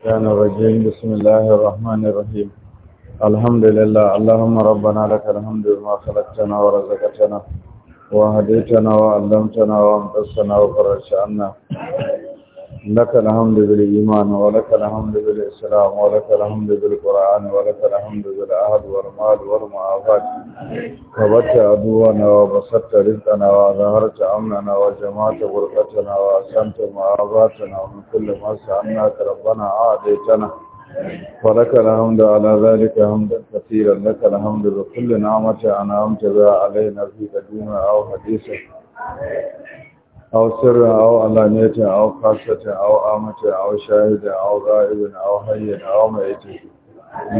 الشيطان الرجيم بسم الله الرحمن الرحيم الحمد لله اللهم ربنا لك الحمد بما خلقتنا ورزقتنا وهديتنا وعلمتنا وامتصنا وفرجت لك الحمد بالإيمان ولك الحمد بالإسلام ولك الحمد بالقرآن ولك الحمد بالعهد والمال والمعافات كبت عدونا وبسطت رزقنا وظهرت أمننا وجمعت غرفتنا وأسنت معافاتنا ومن كل ما سألناك ربنا عاديتنا ولك الحمد على ذلك حمدا كثيرا لك الحمد بكل نعمة أنعمت بها علينا في قديمة أو حديثة aw sirri aw alaniyatin aw kasatin aw amatin aw shahidin aw ra'ibin aw hayyin aw mayitin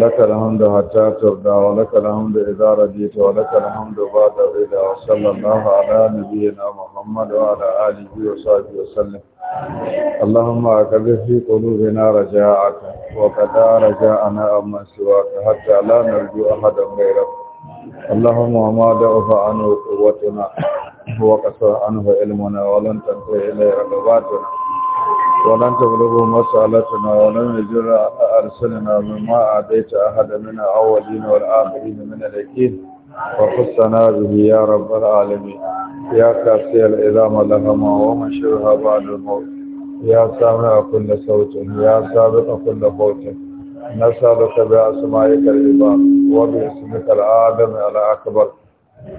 laka alhamdu hatta tabda wa laka alhamdu idza radita wa laka alhamdu ba'da rida wa sallallahu ala nabiyyina muhammad wa ala alihi wa sahbihi wa sallam اللهم اكب في قلوبنا رجاءك وقدار رجاءنا اما سواك حتى لا نرجو احدا غيرك اللهم ما دعوه عنه قوتنا وقصر عنه علمنا ولن تنفي إليه رقباتنا ولن تبلغ مسألتنا ولن يجر أرسلنا مما أعديت أحد من الأولين والآخرين من الأكيد وخصنا به يا رب العالمين يا كافي الإذام لهما ومشرها بعد الموت يا سامع كل صوت يا سابق كل فوت نسألك بأسمائك العباد وباسمك الآدم الأكبر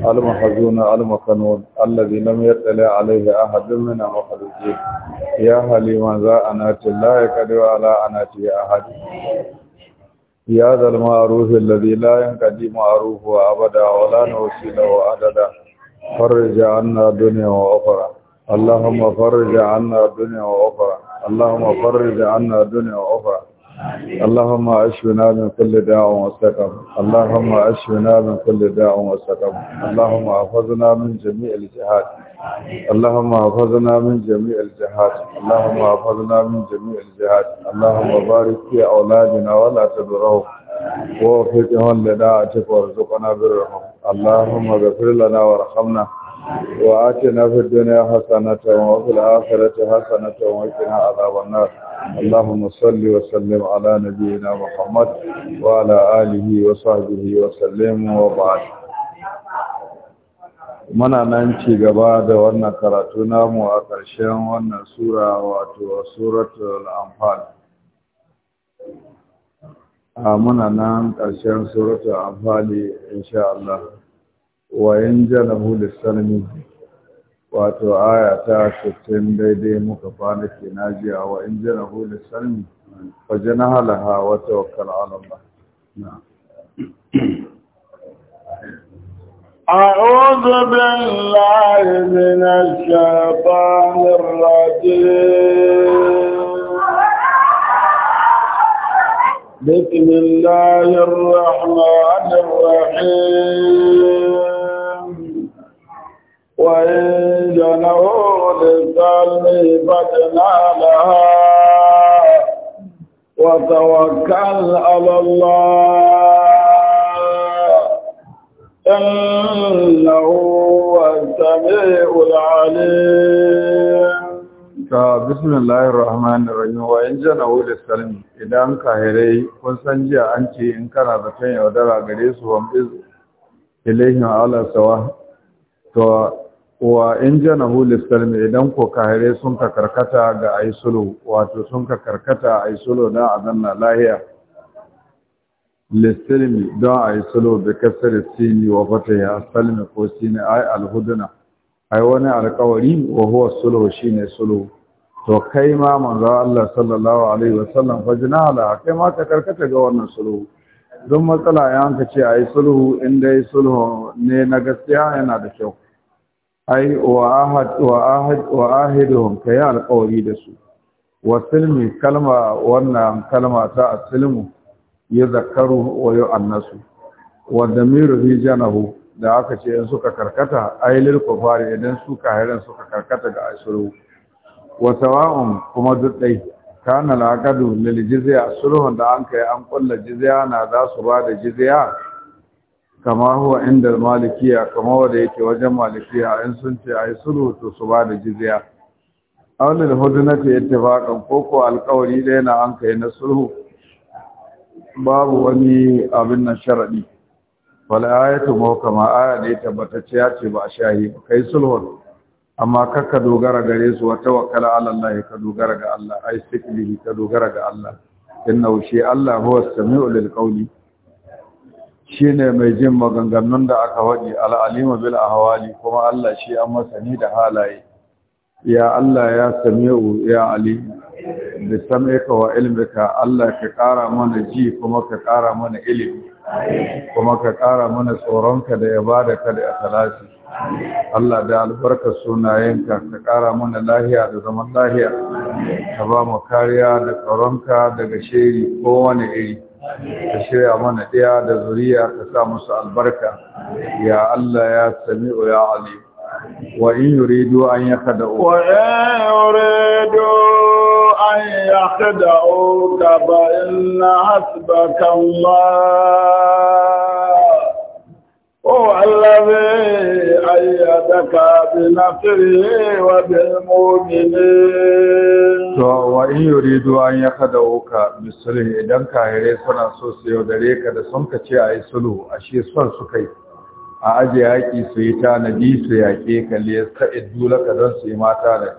المحزون المكنون الذي لم يطلع عليه أحد من مخرجين يا حليم ذا أنات لا يقدر على أناته أحد يا ذا المعروف الذي لا ينقضي معروفه أبدا ولا نوصي له عددا فرج عنا دنيا وأخرى اللهم فرج عنا دنيا وأخرى اللهم فرج عنا دنيا وأخرى اللهم اشفنا من كل داء وسقم اللهم اشفنا من كل داء وسقم اللهم احفظنا من جميع الجهات اللهم احفظنا من جميع الجهات اللهم احفظنا من جميع الجهات اللهم بارك في اولادنا ولا تضرهم ووفقهم لداعتك وارزقنا برهم اللهم اغفر لنا وارحمنا وآتنا في الدنيا حسنة وفي الآخرة حسنة وقنا عذاب النار اللهم صل وسلم على نبينا محمد وعلى آله وصحبه وسلم وبعد muna nan ci gaba da wannan karatu namu a ƙarshen wannan sura wato suratul anfal a muna nan ƙarshen suratul anfal insha Allah wa in janahu da salmi wato aya ta 60 daidai muka kwana ke najiya wa in jana hula salmi fa jana halaha wa tawakkal ala Allah أعوذ بالله من الشيطان الرجيم بسم الله الرحمن الرحيم وإن جنوا للسلم فتنا لها وتوكل على الله إنه هو السميع العليم ka bismillahir rahmanir rahim wa in janahu lisalmi idan kahirai kun san jiya an ce in kana zaton yaudara gare su wa iz ilaihim ala wa in janahu lissalmi idan ko kahire sun ka karkata ga aisulu wato sun ka karkata aisulu na da azanna lahiya lissalmi don aisulu da kasar sini wa ya salmi ko sini ai alhuduna ai wani alkawari wa huwa shi ne sulu to kai ma manzo Allah sallallahu alaihi Sallam! fajna ala kai ma ka karkata ga wannan sulu don matsala yanka ce ayi sulhu in dai sulhu ne na gaskiya yana da kyau ai wa ahad wa ahad wa alƙawari da su wa silmi kalma wannan kalma ta silmu ya zakaru wa annasu. wa damiru bi janahu da aka ce in suka karkata ai lil kufari idan suka hairan suka karkata ga asuru wa sawa'un kuma duk dai kana laqadu lil jizya sulhun da an kai an kulla jizya na za su ba da jizya kama huwa inda malikiya kama wanda yake wajen malikiya in sun ce ai sulhu to su ba da jizya aulil hudunati ittifaqan ko ko alƙawari da yana an kai na sulhu babu wani abin nan sharadi wala ayatu kama aya da tabbatacciya ce ba a shahi kai sulhu amma kaka dogara gare su wa tawakkala ala Allah ka dogara ga Allah ai sikli ka dogara ga Allah Inna shi Allah huwa samiu lil qawli Shi ne mai jin maganganun da aka waje al'alima bil hawali kuma Allah shi an masani da halaye ya Allah ya sami'u ya ali da ka wa ilmika Allah ka ƙara mana ji kuma ka ƙara mana ilimi kuma ka ƙara mana tsoronka da ya ka da asalasi Allah da albarkar sunayenka ka ƙara mana lahiya da zaman lahiya ka ba mu kariya da tsoronka daga shiri kowane iri ka shirya mana ɗaya da zuriya ka sa musu albarka ya Allah ya sami ya Ali wa in yi yuridu an yakhda'u wa in yi yuridu an yakhda'u ka ba inna hasbaka Allah bi الذي أيدك بنصره وبالمؤمنين to wa in yuridu an idan kahire suna so su dare ka da sun ka ce ayi sulhu ashe son su kai a aje yaki su yi tanadi su yake ka sa yasta'idu laka don su yi mata da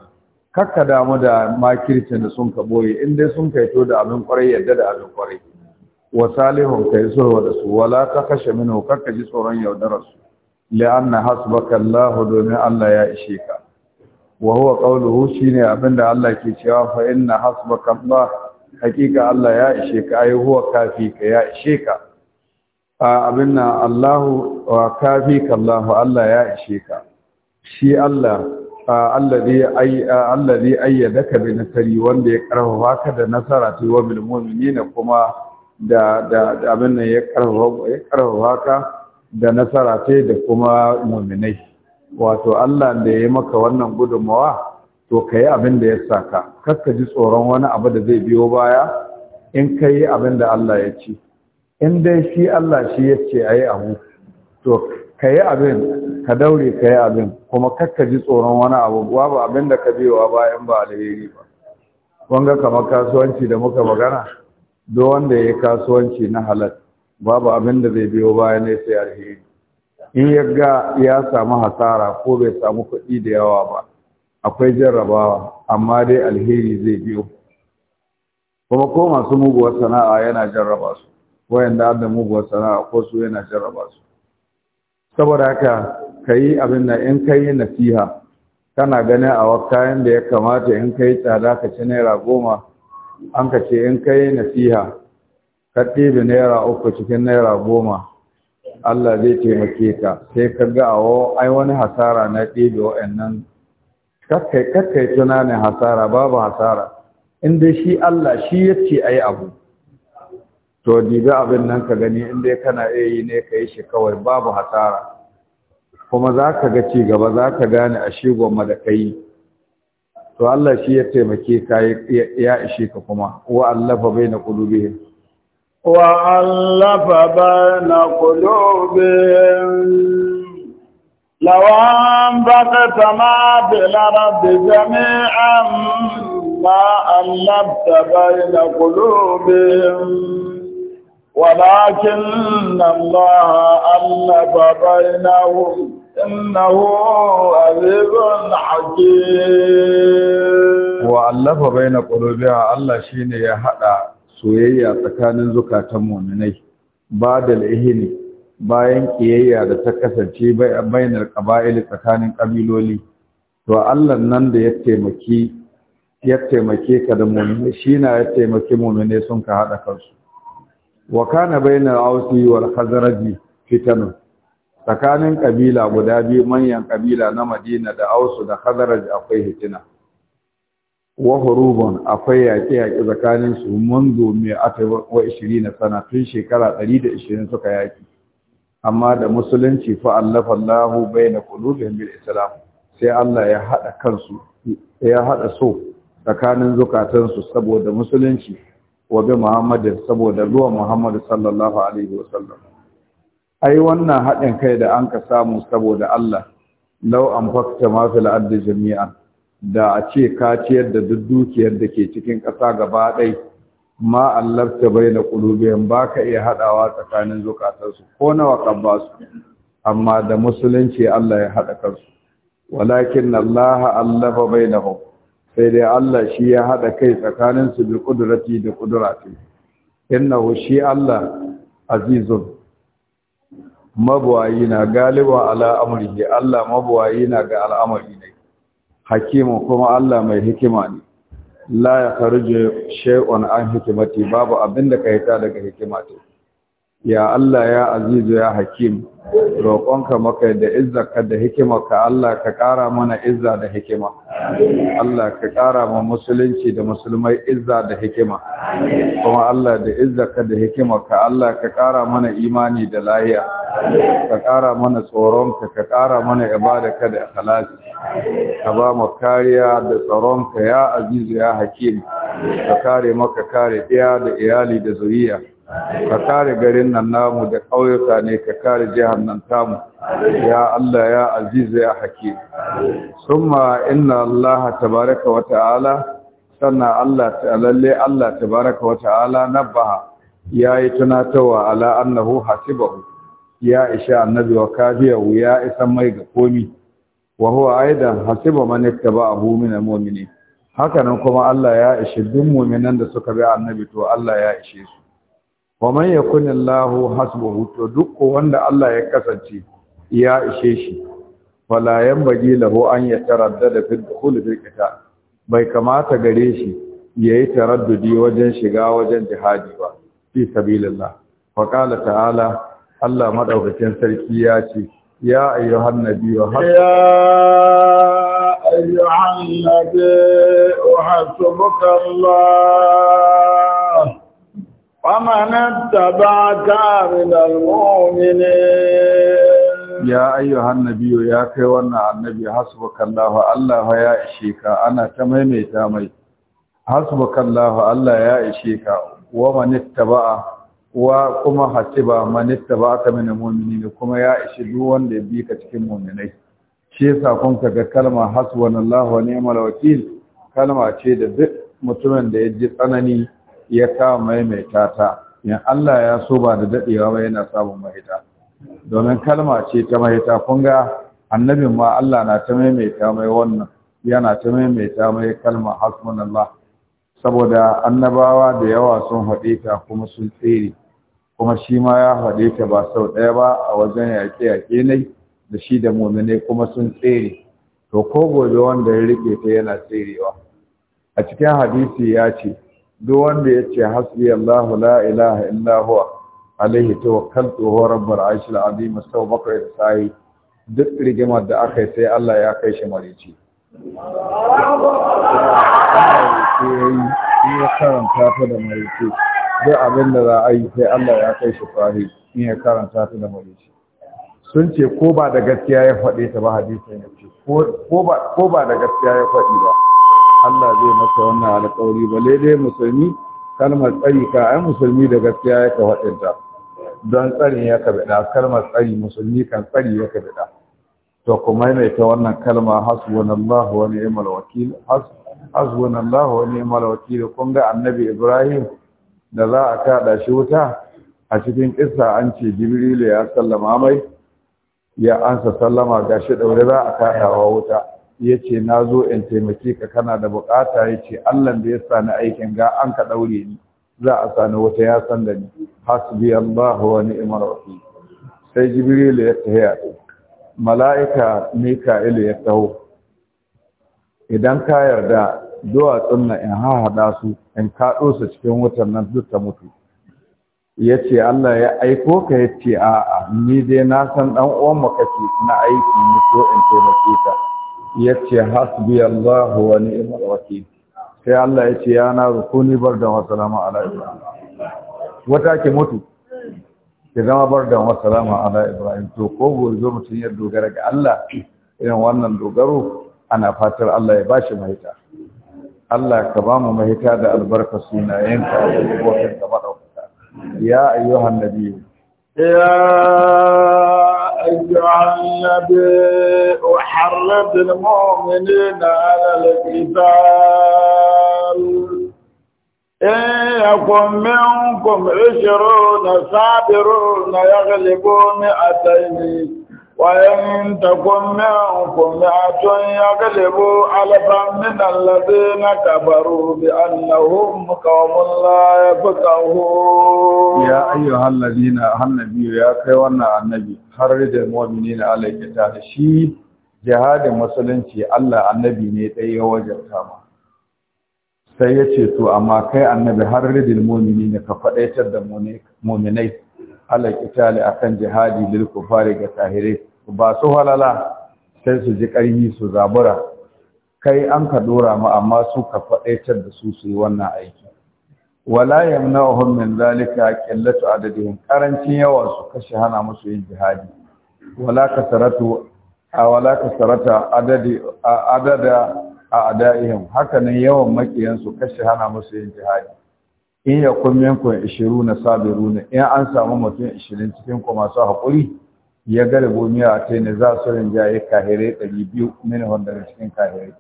kakka damu da makircin da sun ka boye in dai sun kai to da abin kwarai yadda da abin kwarai wa salihun kai sulhu da su wala ta kashe minhu karka ji tsoron yaudararsu. su li'anna hasbaka Allah domin Allah ya ishe ka wa huwa qawluhu shine abinda Allah ke cewa fa inna hasbaka Allah hakika Allah ya ishe ka ai kafi ka ya ishe ka abin nan Allah kafi ka Allah Allah ya shi Allah bi wanda ya karfafa ka da nasara ta wa bil kuma da da abin nan ya karfafa ya ka da nasara ce da kuma mu'minai wato Allah da ya maka wannan gudunmawa to kai abin da ya saka kakka ji tsoron wani abu da zai biyo baya in kai abin da Allah ya ci. in dai shi Allah shi ya ce ayi abu to kai abin ka daure kai abin kuma kakka ji tsoron wani abu babu abin da ka biyowa bayan ba alheri ba kun ga kamar kasuwanci da muka magana duk wanda ya kasuwanci na halal babu abin da zai biyo baya ne sai alheri in ya ga ya samu hasara ko bai samu kuɗi da yawa ba akwai jarrabawa amma dai alheri zai biyo kuma ko masu muguwar sana'a yana jarraba su wayanda da muguwar sana'a ko su yana jarraba su saboda haka ka yi abin da in ka yi nasiha kana ganin a wakayen da ya kamata in kai tsada ka ci naira goma an ka ce in kai nasiha ka ɗibi naira uku cikin naira goma Allah zai taimake ka sai ka ga awo ai wani hasara na ɗibi wa'annan kakkai kakkai tunanin hasara babu hasara in dai shi Allah shi ya ce ai abu to diga abin nan ka gani in dai kana iya yi ne ka yi shi kawai babu hasara kuma za ka ga ci gaba za ka gane a gwamma da kai to Allah shi ya taimake ka ya ishe ka kuma wa Allah fa baina qulubihi wa allafa baina qulubihi law an baqata ma bi rabbi jami'an ma fa baina qulubihi walakin Allah allafa bainahum إنه عزيز baina وألف بين قلوبها الله شيني ya هذا soyayya tsakanin zukatan muminai ba da lahini bayan kiyayya da ta kasance bainar ƙaba'ili tsakanin ƙabiloli to Allah nan da ya taimaki ya taimake ka da muminai shi ya taimaki muminai sun ka haɗa kansu wa kana bainar ausi wal khazraji fitanun tsakanin kabila guda biyu manyan kabila na madina da ausu da khazaraj akwai hitina wa hurubun akwai yaƙe yaƙe tsakanin su mundu mai ata wa 20 sana tun shekara 120 suka yaƙi amma da musulunci fa allafa Allahu baina qulubihim bil islam sai Allah ya hada kansu ya hada so tsakanin zukatan su saboda musulunci wa bi Muhammadin saboda zuwa Muhammad sallallahu alaihi wasallam ai wannan haɗin kai da an ka samu saboda Allah lau an fakta ma fil ardi jami'an da a ce ka ciyar da duk dukiyar da ke cikin ƙasa gaba ɗai ma allafta baina qulubihim ka iya haɗawa tsakanin zukatansu ko nawa kan ba su amma da musulunci Allah ya hada kansu walakin Allah allafa bainahum sai dai Allah shi ya haɗa kai tsakanin su bi qudrati da qudrati innahu shi Allah azizun mabuwayi na galiba al’amuri ne Allah mabuwayi na ga al’amuri ne hakimu kuma Allah mai hikima ne la ya farje shay'un an hikimati babu abinda ka hita daga hikimati ya Allah ya azizu ya hakim roƙonka maka da izzaka da hikimarka Allah ka ƙara mana izza da hikima Allah ka ƙara ma musulunci da musulmai izza da hikima kuma Allah da izzaka da hikima ka Allah ka ƙara mana imani da lahiya ka ƙara mana tsoronka ka ƙara mana ibadarka da ikhlasi ka ba mu kariya da tsoronka, ya azizu ya hakim ka kare maka kare ɗaya da iyali da zuriya ka kare garin nan namu da ƙauyuka ne ka kare jihar nan tamu ya Allah ya aziz ya hake. summa inna Allah tabaraka wa ta'ala sannan Allah lalle Allah tabaraka wa ta'ala nabaha yi tunatawa ala annahu hasibahu ya isha annabi wa kafiyahu ya isan mai ga komi wa huwa aidan hasiba man ittaba'ahu min al-mu'minin haka nan kuma Allah ya ishe duk mu'minan da suka bi annabi to Allah ya ishe su wa man yakun Allahu hasbuhu to duk wanda Allah ya kasance ya ishe shi Falayen yanbaghi lahu an da fi dukhul fil qital bai kamata gare shi yayi taraddudi wajen shiga wajen jihadi ba fi sabilillah wa qala ta'ala Allah madaukakin sarki ya ce ya ayyuhan nabiyyu أيها النبي وحسبك الله ومن اتبعك من المؤمنين يا أيها النبي يا كيوانا النبي حسبك الله الله يا إشيك أنا تميمي تامي حسبك الله الله يا إشيك ومن اتبع وكما حسب من اتبعك من المؤمنين كما يا إشدوان لبيك تكون مؤمنين shi yasa kun ga kalma hasbunallahu wa ni'mal wakil kalma ce da duk mutumin da ya ji tsanani ya kawo maimaita ta in Allah ya so ba da daɗewa ba yana samun mahita domin kalma ce ta mahita kun ga annabin ma Allah na ta maimaita mai wannan yana ta maimaita mai kalma hasbunallah saboda annabawa da yawa sun haɗe ta kuma sun tsere kuma shi ma ya haɗe ta ba sau ɗaya ba a wajen yaƙe-yaƙe ne da shi da muminai kuma sun tsere to ko gobe wanda ya riƙe ta yana tserewa a cikin hadisi ya ce duk wanda ya ce hasbi Allahu la ilaha illa huwa alaihi tawakkaltu wa rabbul arshil azim sau bakwai da sai duk rigimar da aka yi sai Allah ya kai shi marici ya karanta ta da marici duk abin da za a yi sai Allah ya kai shi fahi in ya karanta ta da marici sun ce ko ba da gaskiya ya faɗe ta ba hadisin ya ce ko ba da gaskiya ya faɗi ba Allah zai masa wannan alƙawari balle dai musulmi kalmar tsari ka ai musulmi da gaskiya ya ka waɗanta don tsari ya ka biɗa kalmar tsari musulmi kan tsari ya ka biɗa to kuma mai ta wannan kalma hasbunallahu wa ni'mal wakil hasbunallahu wa ni'mal wakil kun ga annabi Ibrahim da za a kada shi wuta a cikin kissa an ce Jibril ya sallama mai ya ansa sallama gashi daure za a kadawa wuta ya ce na zo in taimake ka kana da bukata ya ce allan da ya sani aikin ga an ka ɗaure ni za a sani wata ya san da ni hasbi allah wa ni'mar wakil sai jibril ya tahiya mala'ika mika'il ya taho idan ka yarda zuwa na in hahada su in kaɗo su cikin wutan nan duk ta mutu ya ce Allah ya aiko ka ya ce a'a ni dai na san ɗan uwan makaci na aiki ni ko in taimake ka yace hasbi Allah wa ni'mal wakil sai Allah yace ya na rukuni bardan wa salamu ala ibrahim wata ke mutu ke zama bardan wa salamu ala ibrahim to ko gozo mutun ya dogara ga Allah irin wannan dogaro ana fatar Allah ya bashi mahita Allah ka ba mu mahita da albarka sunayenka da da ya ayyuhan nabiyyu يا أيها النبي أحرض المؤمنين على القتال إن يكن منكم عشرون صابرون يغلبون أتيني وإن تكن منكم مئة يغلبوا ألفا من الذين كفروا بأنهم قوم لا يفقهون يا أيها الذين النبي يا كيوانا النبي حرد المؤمنين على القتال شي جهاد musulunci Allah annabi ne ɗaya ya wajarta ma sai ya ce to amma kai annabi har ridil mu'mini ne faɗaitar da mu'minai ala kitali akan jihadi lil kufari ga tahirai ba su halala sai su ji ƙarfi su zabura kai an ka dora mu amma su ka faɗaitar da su su yi wannan aiki wala yamna'uhum min zalika qillatu adadihim karancin yawan su kashi hana musu yin jihadi wala kasaratu a wala kasarata adadi adada a adaihim haka nan yawan makiyan su kashi hana musu yin jihadi in yakun minkum 20 sabiruna in an samu mutum 20 cikin ku masu haƙuri ya galibu miya a ce ne za su rinjaye kahirai ɗari biyu min daga cikin kahirai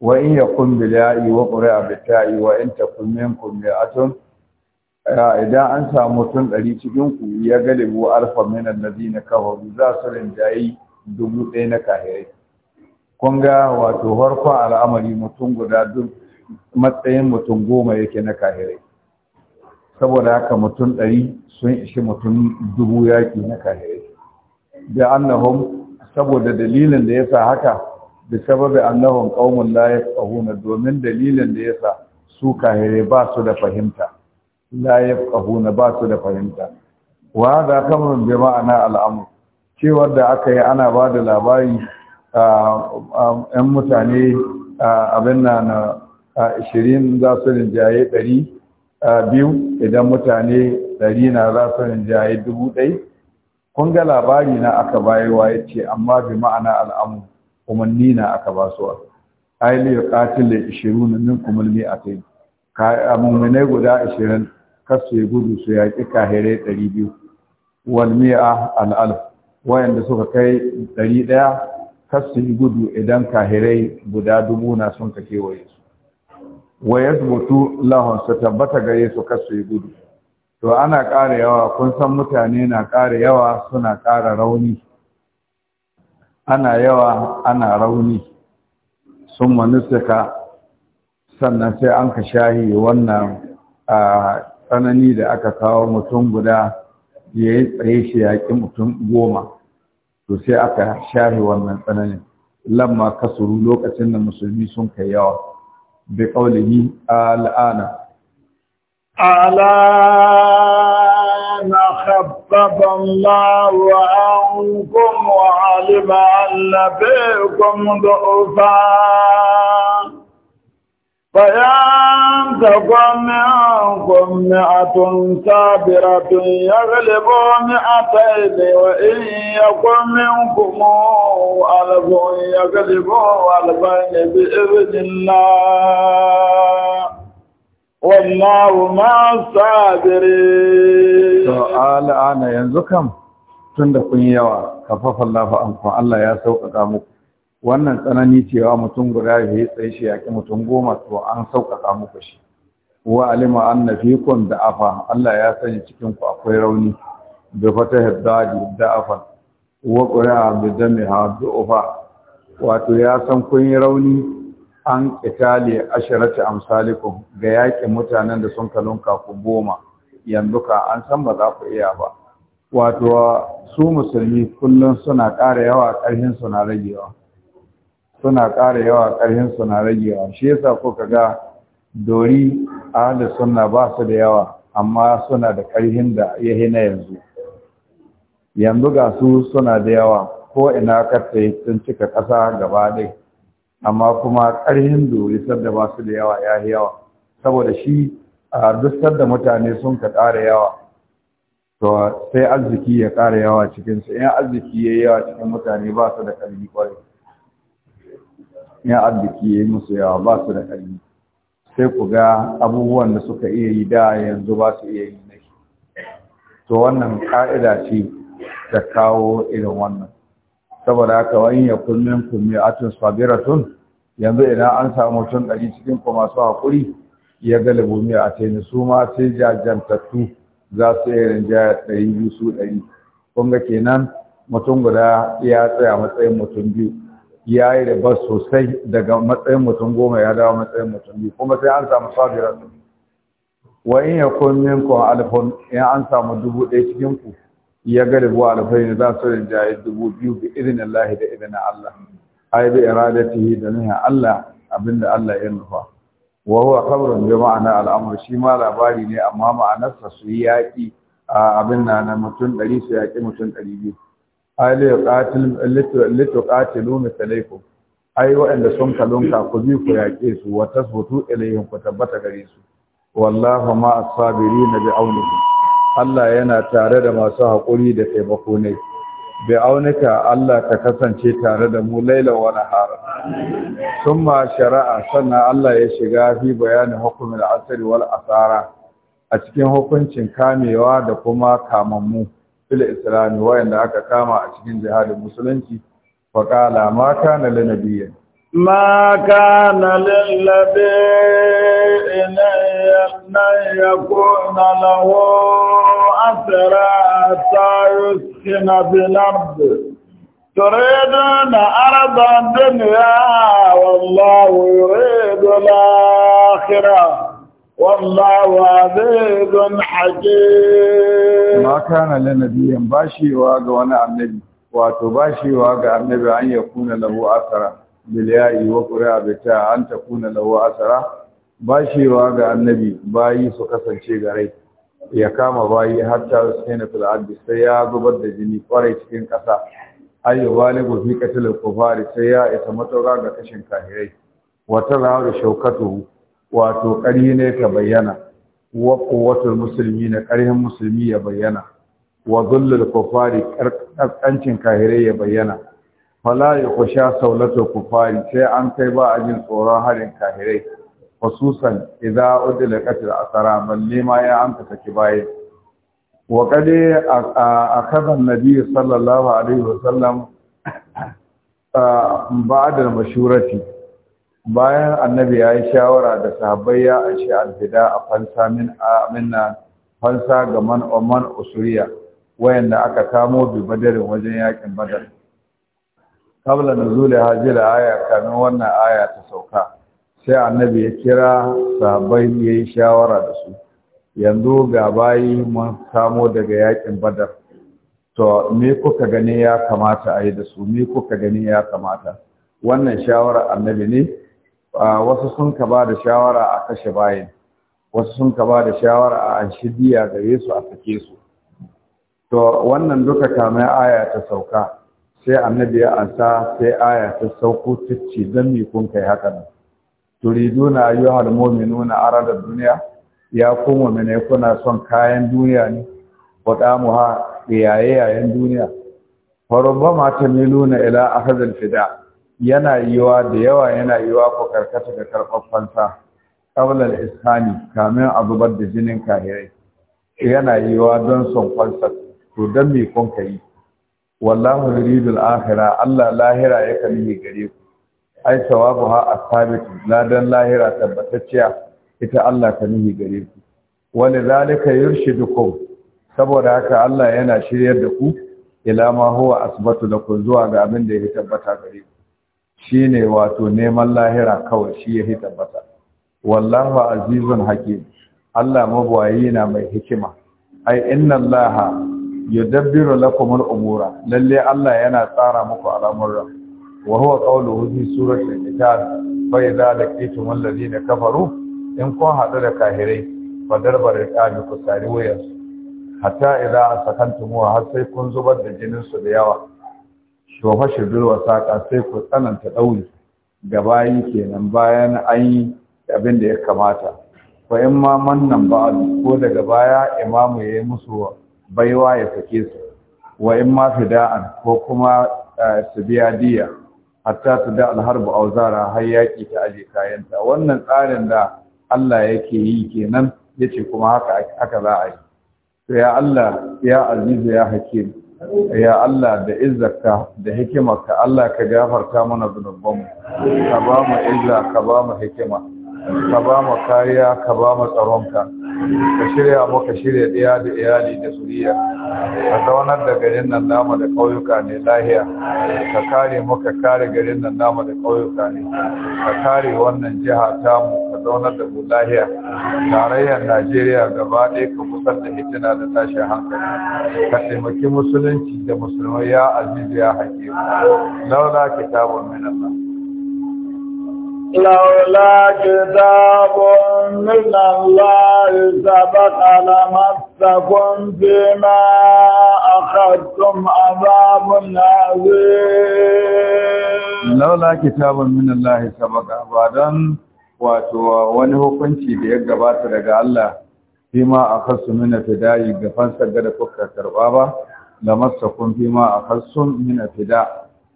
wa in ya kun biliyayi wa ƙuri'a bitayi wa in ta kun min kun atun idan an samu mutum ɗari cikin ku ya galibu alfa na zina kawo kafaru za su rinjaye dubu ɗaya na kahirai kun ga wato farkon al'amari mutum guda duk matsayin mutum goma yake na kahirai saboda haka mutum ɗari sun ishi mutum dubu yaƙi na kahirai da annahum saboda dalilin da yasa haka da sababi annahum qaumun la yafqahuna domin dalilin da yasa su kahire ba su da fahimta la yafqahuna ba su da fahimta wa da kamrun bi ma'ana al'amu cewar da aka yi ana ba da labari yan mutane abin na na ashirin za su rinjaye ɗari biyu idan mutane ɗari na za su rinjaye dubu ɗai kun ga labari na aka bayarwa ya ce amma bi ma'ana al'amu umarni na aka ba su ai li qatila 20 minkum al mi'atayn ka mummune guda ishirin kasu ya gudu su yaƙi ɗari 200 wal mi'a al wayanda suka kai 100 kasu ya gudu idan kahere guda dubu na sun ka kewaye su wa yasbutu lahum su tabbata gare su kasu ya gudu to ana ƙara yawa kun san mutane na ƙara yawa suna ƙara rauni ana yawa ana rauni sun manusaka sannan sai an ka shahi wannan a tsanani da aka kawo mutum guda ya yi tsaye shi yaƙi mutum goma to sai aka shahi wannan tsananin lamma kasuru lokacin da musulmi sun kai yawa bi ƙaunihi al'ana ألا خفف الله عنكم وعلم أن فيكم ضعفا فيا تكن منكم مئة صابرة يغلب مئتين وإن يكن منكم ألف يغلب ألفين بإذن الله wallahu ma sabiri to al'ana yanzu kam tunda kun yi yawa kafafan lafa an Allah ya sauƙaƙa muku wannan tsanani cewa mutum guda ya yi tsaye shi yaƙi mutum goma to an sauƙaƙa muku shi wa alima anna fikum da'afa Allah ya sani cikin ku akwai rauni bi fatah dadi da'afa wa qura'a bi damiha du'afa wato ya san kun yi rauni an qitali asharati amsalikum ga yaƙin mutanen da sun kalunka ku goma yanzu ka an san ba za ku iya ba wato su musulmi kullum suna ƙara yawa ƙarhin su na ragewa suna ƙara yawa ƙarhin su ragewa shi yasa kuka ga dori ahlus sunna ba su da yawa amma suna da ƙarhin da yahi na yanzu yanzu ga su suna da yawa ko ina ka tsaye sun cika ƙasa gaba ɗaya amma kuma ƙarhin dorisar da ba da yawa ya yi yawa saboda shi a duk da mutane sun ka ƙara yawa to sai arziki ya ƙara yawa cikinsu in arziki ya yi yawa cikin mutane ba su da ƙarfi ƙwarai in arziki ya yi musu yawa ba su da ƙarfi sai ku ga abubuwan da suka iya yi da yanzu ba su iya yi na to wannan ƙa'ida ce da kawo irin wannan saboda haka wani ya kunnin a atun sabiratun yanzu idan an samu mutum ɗari cikin kuma masu haƙuri ya ga labumi a taini su ma sai jajantattu za su iya rinja ɗari biyu su ɗari kun ga kenan mutum guda ya tsaya matsayin mutum biyu ya yi bas sosai daga matsayin mutum goma ya dawo matsayin mutum biyu kuma sai an samu sabiratun wa in yakun kuma Alfon in an samu dubu ɗaya cikin ku ya galibu alfain za su rinjaye dubu biyu bi idin Allah da idin Allah ai bi iradatihi da nuhin Allah abinda Allah ya nufa wa huwa khabrun bi ma'ana al'amr shi ma labari ne amma ma'anarsa su yi yaki abin na na mutum ɗari su yaƙi mutum ɗari biyu ai litu qatilu mithlaikum ai waɗanda sun kalunka ku bi ku yaƙe su wa tasbutu ilayhim ku tabbata gare su wallahu ma as-sabirin bi aunihi Allah yana tare da masu haƙuri da taimako ne bai aunika Allah ka kasance tare da mu laila wa nahara summa shari'a sannan Allah ya shiga fi bayanin hukumin asari wal asara a cikin hukuncin kamewa da kuma kamammu fil islami wayanda aka kama a cikin jihadin musulunci faƙala ma kana lanabiyyin ما كان للذي إن يكون له أسرى حتى يسكن في الأرض تريدون أرض الدنيا والله يريد الآخرة والله عزيز حكيم ما كان للنبي باشي واغ وانا النبي واتو باشي واغ النبي ان يكون له اثرا biliyayi wa ƙuri'a bita an ta kuna lawa asara bashewa ga annabi bayi su kasance ga rai ya kama bayi hatta suke na ardi sai ya zubar da jini kwarai cikin ƙasa ayyu baligu gufi qatl kufari sai ya isa mataura ga kashin kahirai wata rawa shaukatu wato ƙari ne ka bayyana wa musulmi na ƙarfin musulmi ya bayyana wa dhullul kufari ƙarƙancin kahirai ya bayyana fala ya kusha ku kufari sai an kai ba a jin tsoron harin kahirai khususan idza udila qatl asara balle ma ya amta take baye wa kade akhadha nabi sallallahu alaihi wasallam ba'da al-mashurati bayan annabi ya yi shawara da sahabbai ya ashe alfida a fansa min amina fansa ga man usuriya wayanda aka kamo bi badarin wajen yakin badar kabla na nuzuli hajil aya kamin wannan aya ta sauka sai annabi ya kira sahabbai ya yi shawara da su yanzu ga bayi mun samo daga yakin badar to me kuka gani ya kamata a yi da su me kuka gani ya kamata wannan shawara annabi ne wasu sun ka ba da shawara a kashe bayin wasu sun ka ba da shawara a an shidiya gare su a sake su to wannan duka kamar aya ta sauka sai annabi ya ansa sai aya ta sauko ta ce don me kun kai haka nan turiduna ayyuhal mu'minuna arada duniya ya kuma mu'minai kuna son kayan duniya ne wa damuha yaye yayan duniya fa rubbama tamiluna ila ahadil fida yana yiwa da yawa yana yiwa ko karkata da karɓar fansa qabla al-ishani kamin da jinin kahirai yana yiwa don son fansa to dan me kun kai wallahu yuridul akhirah Allah lahira ya kalli gare ku ai sawabuha asabit ladan lahira tabbatacciya ita Allah ta nihi gare ku wani zalika yurshidukum saboda haka Allah yana shiryar da ku ila ma huwa asbatu lakum zuwa ga abin da ya tabbata gare ku shine wato neman lahira kawai shi ya tabbata wallahu azizun hakim Allah mabwayi na mai hikima ai inna allaha yudabbiru lakum al-umura lalle Allah yana tsara muku al'amura wa huwa qawluhu fi surati al-nisaa fa idza laqitum alladhina kafaru in kun hadu da kahirai fa darbar riqabi ku sari wayar hatta idza sakantum wa har sai kun zubar da jinin su da yawa shofa shibir wa sai ku tsananta dauri gabayi kenan bayan an yi abin da ya kamata fa in ma mannan ba'd ko daga baya imamu yayi musu baiwa ya sake su wa in ma fida'an ko kuma eh, su biya diya hatta su da alharbu auzara har yaƙi ta aje kayanta wannan tsarin da Allah yake yi kenan ce kuma haka aka za a yi to ya Allah ya azizu ya hakim ya Allah da izzarka da hikimarka Allah ka gafarta mana zunubanmu ka ba mu izza ka ba mu hikima ka ba mu kariya ka ba mu tsaronka ka shirya mu ka shirya ɗaya da iyali da zuriya ka zaunar da garin nan namu da ƙauyuka ne lahiya ka kare mu ka kare garin nan namu da ƙauyuka ne ka kare wannan jiha tamu ka zaunar da mu lahiya tarayyar najeriya gaba ɗaya ka busar da hitina da tashin hankali ka taimaki musulunci da musulmai ya azizu ya haƙiƙa laula kitabun min لولا كتاب من الله سبق لمسكم فيما أخذتم عذاب عظيم لولا كتاب من الله سبق أبدا wato wani hukunci da ya gabata daga Allah fi ma a kasu mina yi ga fansar da kuka karɓa ba da kun fi ma a kasu mina fida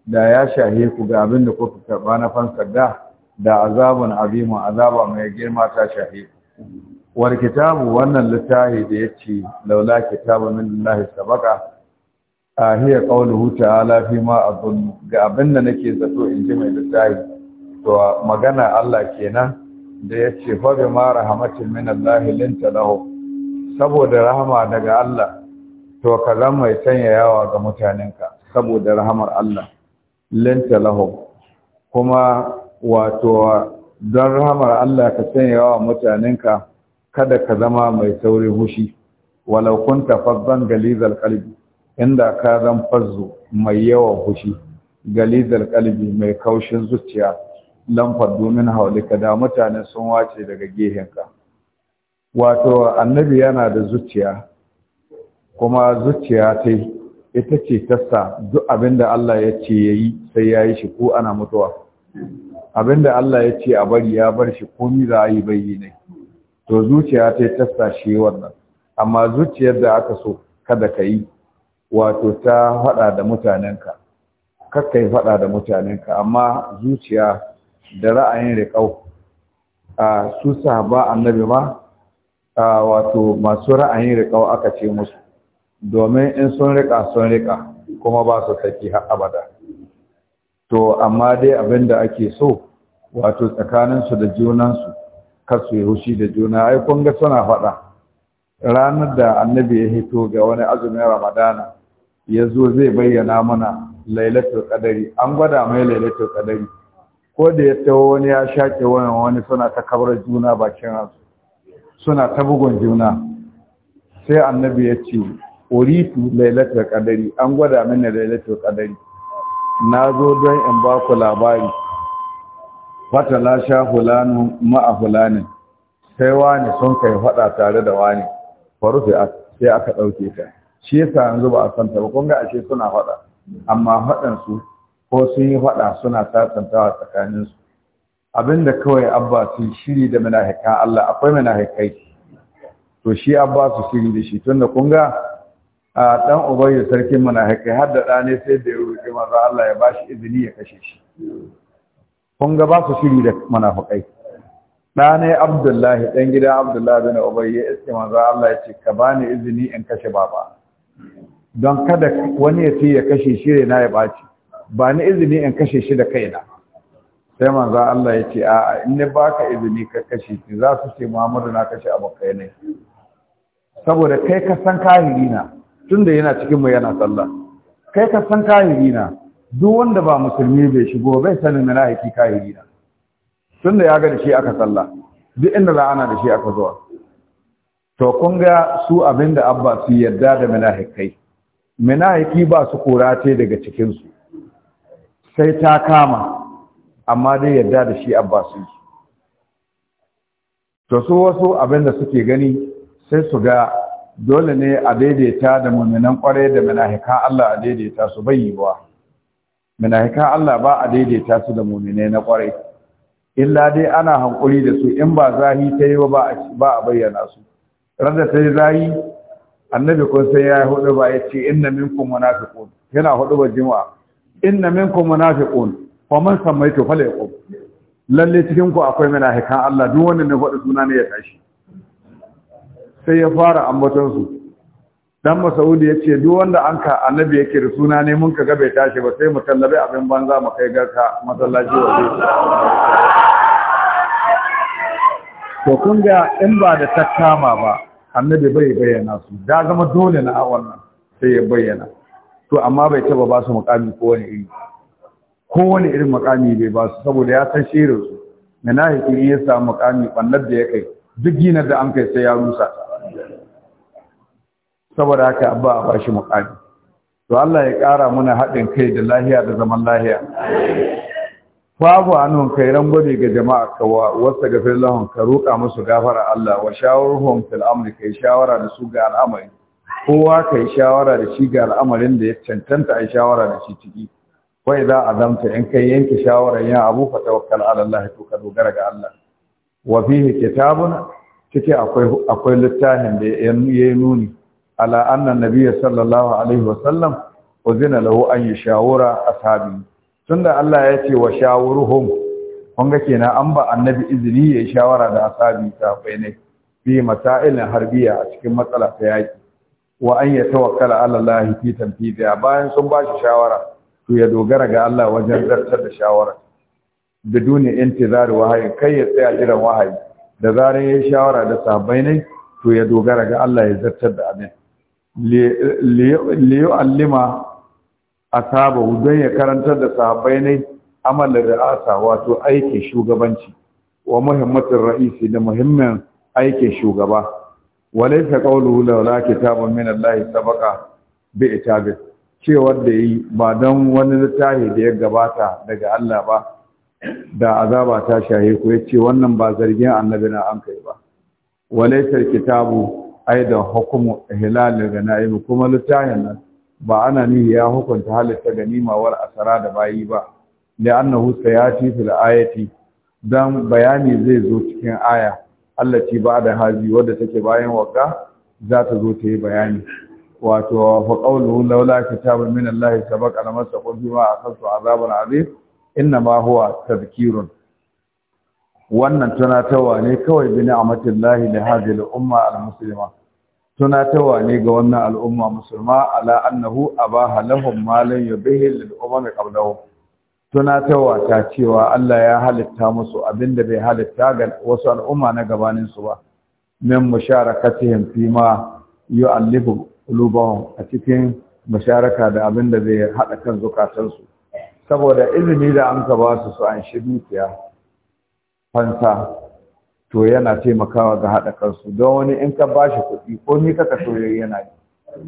da ya shahe ku ga abin da kuka karɓa na fansar da da azabun abimu azaba mai girma ta shahi war kitabu wannan littafi da yace laula kitabu min Allah sabaka a qawluhu ta'ala fi ma azun ga abinda nake zato in ji mai littafi to magana Allah kenan da yace fa bi ma rahmatin min Allah linta lahu saboda rahama daga Allah to ka zama mai sanyayawa ga mutanenka saboda rahamar Allah linta lahu kuma wato don rahamar Allah ka sanya wa mutanenka kada ka zama mai saurin hushi walau kun tafazzan galizar kalbi inda ka zan fazzo mai yawan hushi galizar kalbi mai kaushin zuciya lamfar domin haulika da mutane sun wace daga gehenka wato annabi yana da zuciya kuma zuciya ta ita ce tassa duk abinda Allah ya ce yayi sai yi shi ko ana mutuwa abinda Allah ya ce a bari ya bar shi komi za a yi bayyana to zuciya ta yi tasta shi wannan amma zuciyar da aka so kada ka yi wato ta faɗa da mutanenka kakka yi faɗa da mutanenka amma zuciya da ra'ayin riƙau a su sahaba annabi ma wato masu ra'ayin riƙau aka ce musu domin in sun riƙa sun riƙa kuma ba su tafi har abada to amma dai abinda ake so wato tsakaninsu da junansu kar su yi hushi da juna ai kun ga suna faɗa ranar da annabi ya hito ga wani azumin ramadana ya zo zai bayyana mana lailatul qadari an gwada mai lailatul qadari ko da ya tawo wani ya shaƙe wani wani suna ta kabar juna bakin ransu suna ta bugun juna sai annabi ya ce uritu lailatul qadari an gwada mini lailatul qadari na zo don in ba ku labari wata la sha hulanu a hulanin sai wani sun kai faɗa tare da wani farufe sai aka ɗauke ta shi yasa yanzu ba a santa ba kun ashe suna faɗa amma faɗan su ko sun yi faɗa suna sasantawa tsakanin su abinda kawai abba su shiri da munafikan Allah akwai munafikai to shi abba su shiri da shi tunda kun ga a dan ubayyu sarkin munafikai har da ɗane sai da ya roƙi manzo Allah ya bashi izini ya kashe shi kun ga ba su shiri da munafikai ɗanai abdullahi ɗan gida abdullahi bin ubay ya iske manzo Allah ya ce ka bani izini in kashe baba don kada wani ya ce ya kashe shi na ya baci ba ni izini in kashe shi da kaina sai manzo Allah ya ce a'a in ne baka izini ka kashe shi za su ce Muhammadu na kashe abokai ne saboda kai ka san kahiri tunda yana cikin mu yana sallah kai ka san kahiri duk wanda ba musulmi bai shigo bai sanin na nahiki kahiri na tun da ya ga da shi aka sallah duk inda za ana da shi aka zuwa to kun ga su abin da abba su yarda da mana munafiki ba su kora ce daga cikin su sai ta kama amma dai yarda da shi abba su to su wasu abin da suke gani sai su ga dole ne a daidaita da muminan kwarai da munafika Allah a daidaita su bayyiwa Minahika Allah ba a daidaita su da mu'minai na kwarai illa dai ana hankuri da su in ba zahi ta yi ba ba a bayyana su randa ta yi zahi annabi kun sai ya yi hudu ba ya ce inna minkun munafiqun yana hudu ba jima'a inna minkun munafiqun wa man samaitu fala yaqum lalle cikin ku akwai munafikan Allah duk wanda ne faɗi suna ne ya tashi sai ya fara ambaton su dan masaudi ya ce duk wanda an ka annabi yake da suna ne mun kaga bai tashi ba sai mu tallabe abin banza mu kai garka masallaci waje to kun ga in ba da takkama ba annabi bai bayyana su da zama dole na wannan sai ya bayyana to amma bai taba ba su mukami ko wani iri ko wani irin mukami bai ba su saboda ya san shirin su na nahi ya samu mukami bannar da ya kai duk ginar da an kai sai ya rusa saboda haka ba a bashi muƙami to Allah ya ƙara muna haɗin kai da lahiya da zaman lahiya babu anun ran gode ga jama'a kawa wasta gafir lahun ka roƙa musu gafara Allah wa shawarhum fil amri kai shawara da su ga al'amari kowa kai shawara da shi ga al'amarin da ya cancanta ai shawara da shi ciki wai za a zamta in kai yanke shawarar ya abu fa tawakkal ala Allah to ka dogara ga Allah wa fihi kitabun ciki akwai akwai littafin da ya nuni ala anna nabiyya sallallahu alaihi wasallam uzina lahu an yashawara ashabi tunda Allah ya ce wa shawuruhum kun ga kenan an ba annabi izini ya yi shawara da ashabi safai ne fi masailin harbiya a cikin matsala ta yaki wa an yatawakkala ala Allah fi tanfidiya bayan sun ba shi shawara to ya dogara ga Allah wajen zartar da shawara da duni intizari wahayi kai ya tsaya jiran wahayi da zarar ya shawara da sahabbai ne to ya dogara ga Allah ya zartar da abin liyo allima saba don ya karantar da sahabbai ne amalar ra'asa wato aikin shugabanci wa muhimmatin ra'isi da muhimmin aikin shugaba ta kawo laula kitabun min Allah sabaqa bi itabi cewar da yi ba don wani littafi da ya gabata daga Allah ba da azaba ta shahe ku ce wannan ba zargin annabi na an kai ba ta kitabu aidan hukumu hilal ganaim kuma littafin nan ba ana ni ya hukunta halitta ganima war asara da bayi ba annahu sayati fil ayati dan bayani zai zo cikin aya Allah ci ba da haji, wadda take bayan waka za ta zo ta yi bayani wato fa qawluhu laula kitabu min Allah sabaqa lamasakum bima akhadtu azaban azim inna ma huwa tadhkirun wannan tunatarwa ne kawai bi ni'matillahi li hadhihi al-umma al-muslima tunatawa ne ga wannan al'umma musulma ala annahu Aba, Halahu, ma lam lil umam qablahum tunatarwa ta cewa Allah ya halitta musu abinda bai halitta ga wasu al'umma na gabanin ba min musharakatihim fi ma yu'allifu qulubahum a cikin musharaka da abinda zai haɗa kan zukatansu saboda izini da an ka su su an shi dukiya fansa to yana taimakawa ga haɗa kansu don wani in ka ba shi kuɗi ko ni kaka so yana yi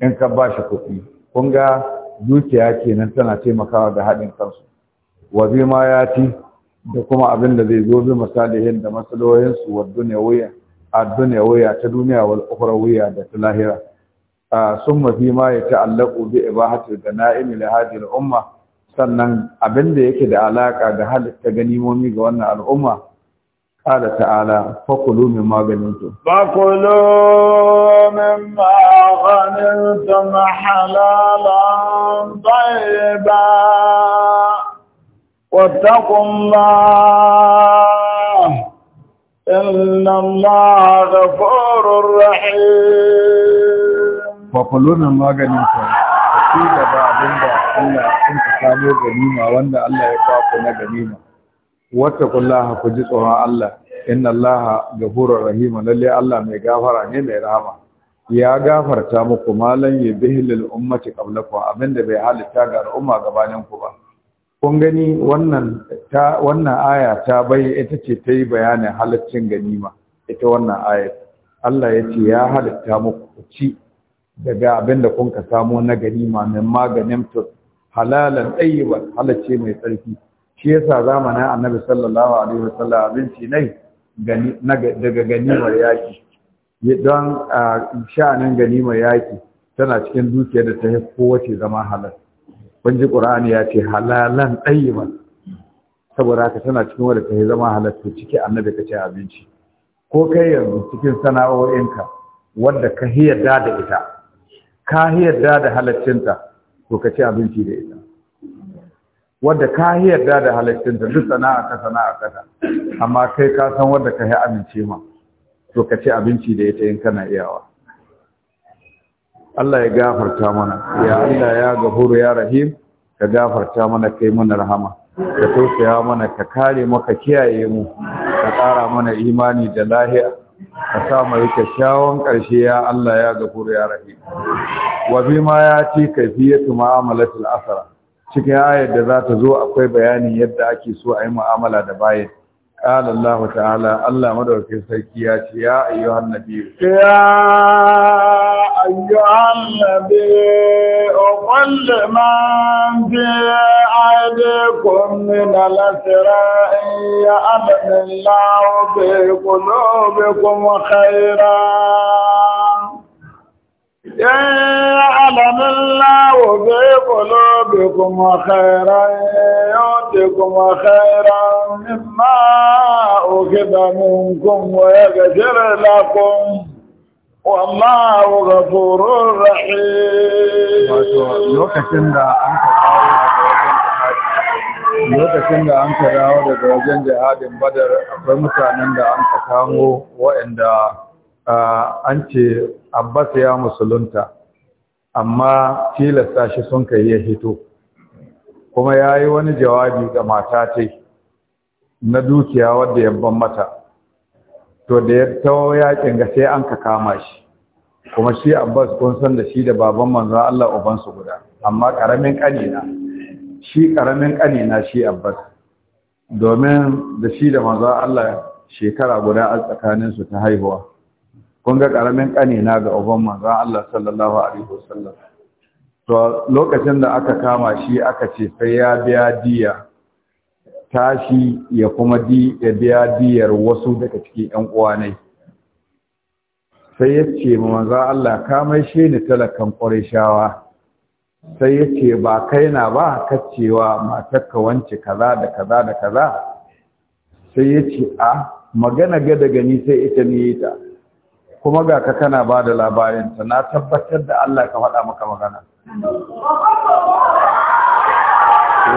in ka ba shi kuɗi kun ga dukiya kenan tana taimakawa ga haɗin kansu wa bi ma ya ti da kuma abin da zai zo bi misalihin da su wa duniya a duniya wuya ta duniya wal ukhra wuya da ta lahira sun mafi ma ya ta'allaku bi ibahatil ganaimi li hadhihi al umma sannan abin da yake da alaka da halitta ganimomi ga wannan al'umma قال تعالى فقلوا مما غنمتم فقلوا مما غنمتم حلالا طيبا واتقوا الله إن الله غفور رحيم فقلوا مما غنمتم أكيد بعض الله أنت كانوا غنيمة وأن الله يقاكم غنيمة wattaqullaha ku ji tsoron Allah inna Allah ghafurur rahim lalle Allah mai gafara ne mai rahama ya gafarta muku malan ya bihilil ummati qablaku abinda bai halitta ga al'umma gabanin ku ba kun gani wannan ta wannan aya ta bai ita ce ta yi bayanin halaccin ganima ita wannan aya Allah ya ce ya halitta muku ku ci daga abinda kun ka samu na ganima min maganin to halalan tayyiban halacce mai tsarki shi yasa zamanin annabi sallallahu alaihi wasallam abinci ne daga ganimar yaki don sha'anin ganimar yaki tana cikin dukiyar da ta kowace zama halal kun ji qur'ani ya ce halalan tayyiban saboda haka tana cikin wadda ta zama halal to ciki annabi ka abinci ko kai yanzu cikin sana'o'inka wadda ka yarda da ita ka yarda da halaccinta to ka abinci da ita wadda ka yarda da halittun ta duk sana'a ka sana'a ka amma kai ka san wadda ka yi amince ma to ka ci abinci da ita in kana iyawa Allah ya gafarta mana ya Allah ya gafuru ya rahim ka gafarta mana kai mana rahama ka tausaya mana ka kare mu ka kiyaye mu ka kara mana imani da lahiya ka sa mu yi kyakkyawan karshe ya Allah ya gafuru ya rahim wa bima ya ci kafiyatu mu'amalatul asara cikin ayar da za ta zo akwai bayanin yadda ake so a yi mu'amala da bayan, qala ta'ala Allah madauke sarki ya ce ya ayyu annabi ya ayyu o kullu man bi aide kun min al-sira ya amana Allahu bi qulubikum khayran يعلم الله في قلوبكم خيرا يؤتكم خيرا مما أخذ منكم ويغفر لكم والله غفور رحيم lokacin da an lokacin da an dawo daga wajen jihadin badar akwai mutanen da an ka kamo waɗanda an ce abbas ya musulunta amma tilasta shi sun kai ya hito kuma ya yi wani jawabi ga mata ta na dukiya wadda yabban mata to da ya tawo yakin ga sai an ka kama shi kuma shi abbas kun san da shi da baban manzan allah ubansu guda amma ƙaramin ƙanina shi ƙaramin ƙanina shi abbas domin da shi da manzan allah shekara guda a tsakaninsu ta haihuwa kun ga karamin ga uban manzon Allah sallallahu alaihi wasallam to lokacin da aka kama shi aka ce sai ya biya diya tashi ya kuma di ya biya diyar wasu daga cikin ƴan uwanai sai ya ce ma manzon Allah ka shi ni talakan shawa. sai ya ce ba kai na ba kacewa matarka wance kaza da kaza da kaza sai ya ce a ah, magana ga daga ni sai ita ne ta kuma ga ka kana ba da labarinta na tabbatar da Allah ka faɗa maka magana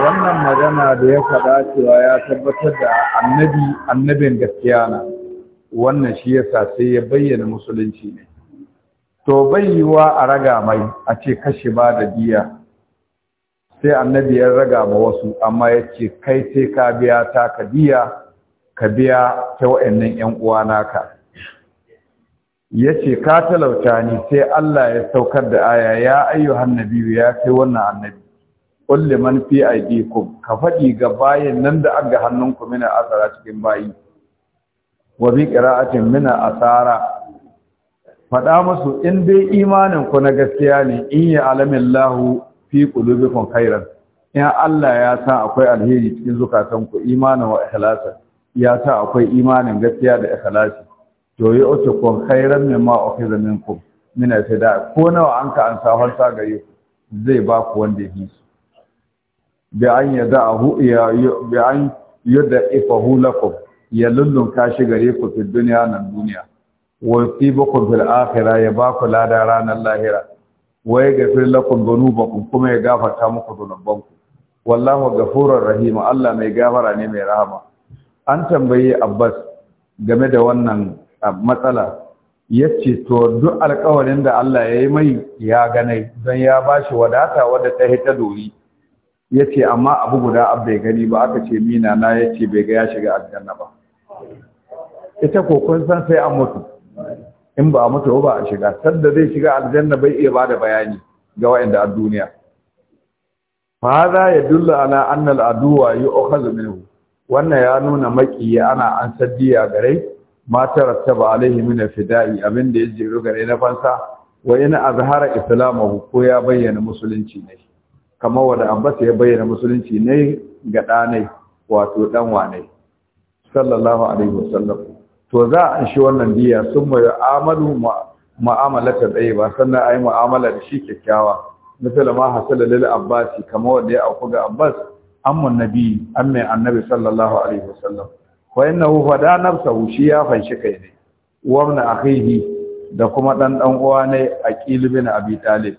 wannan magana da ya faɗa cewa ya tabbatar da annabi annabin gaskiya na wannan shi yasa sai ya bayyana musulunci ne to bai wa a raga mai a ce kashi ba da biya sai annabi ya raga ma wasu amma ya ce kai sai ka biya ta ka biya ka biya ta wa'annan 'yan uwa naka Ya ce ka talauta ni sai Allah ya saukar da aya ya ayyuhan nabiyyu ya kai wannan annabi qul man fi aidikum ka fadi ga bayin nan da aga hannunku mina asara cikin bayi wa bi qira'atin mina asara fada musu in dai imanin ku na gaskiya ne in ya alamillahu fi qulubikum khairan in Allah ya sa akwai alheri cikin zukatanku imanin wa ikhlasa ya sa akwai imanin gaskiya da ikhlasi to yi otu kun khairan min ma ukhiza minkum min al-fida ko nawa an ka an sa ku zai ba ku wanda yi su bi an yada'ahu ya bi an yada'ifahu lakum ya lullun kashi gare ku fi duniya nan duniya wa yusibukum fil akhirah ya ba ku lada ranar lahira wa yaghfir lakum dhunubakum kuma ya gafarta muku dhunubanku wallahu ghafurur rahim Allah mai gafara ne mai rahama an tambaye Abbas game da wannan a matsala ya ce to duk alkawarin da Allah ya yi mai ya ganai don ya ba shi wadata wadda ta yi ta dori ya ce amma abu guda abu bai gani ba aka ce mina na ya ce bai ga shiga aljanna ba ita ko kun san sai an mutu in ba a mutu ba a shiga sanda zai shiga aljanna bai iya ba da bayani ga wa'anda a duniya ya dulla ala annal aduwa yu'khadhu minhu wannan ya nuna makiyi ana an saddiya gare ma tarattaba alaihi min fida'i abinda ya jiro gare na fansa wa yana azhara islamahu ko ya bayyana musulunci ne kamar wanda ambata ya bayyana musulunci ne ga ɗanai wato dan wane sallallahu alaihi wasallam to za a shi wannan diya sun mai amalu ta ɗaya ba sannan ayi mu'amala da shi kyakkyawa misali ma hasala lil abbasi kamar wanda ya auku ga abbas amman nabi amma annabi sallallahu alaihi wasallam fa innahu fada nafsahu shi ya fanshi kai ne wa ibn akhihi da kuma dan dan uwa ne aqil bin abi talib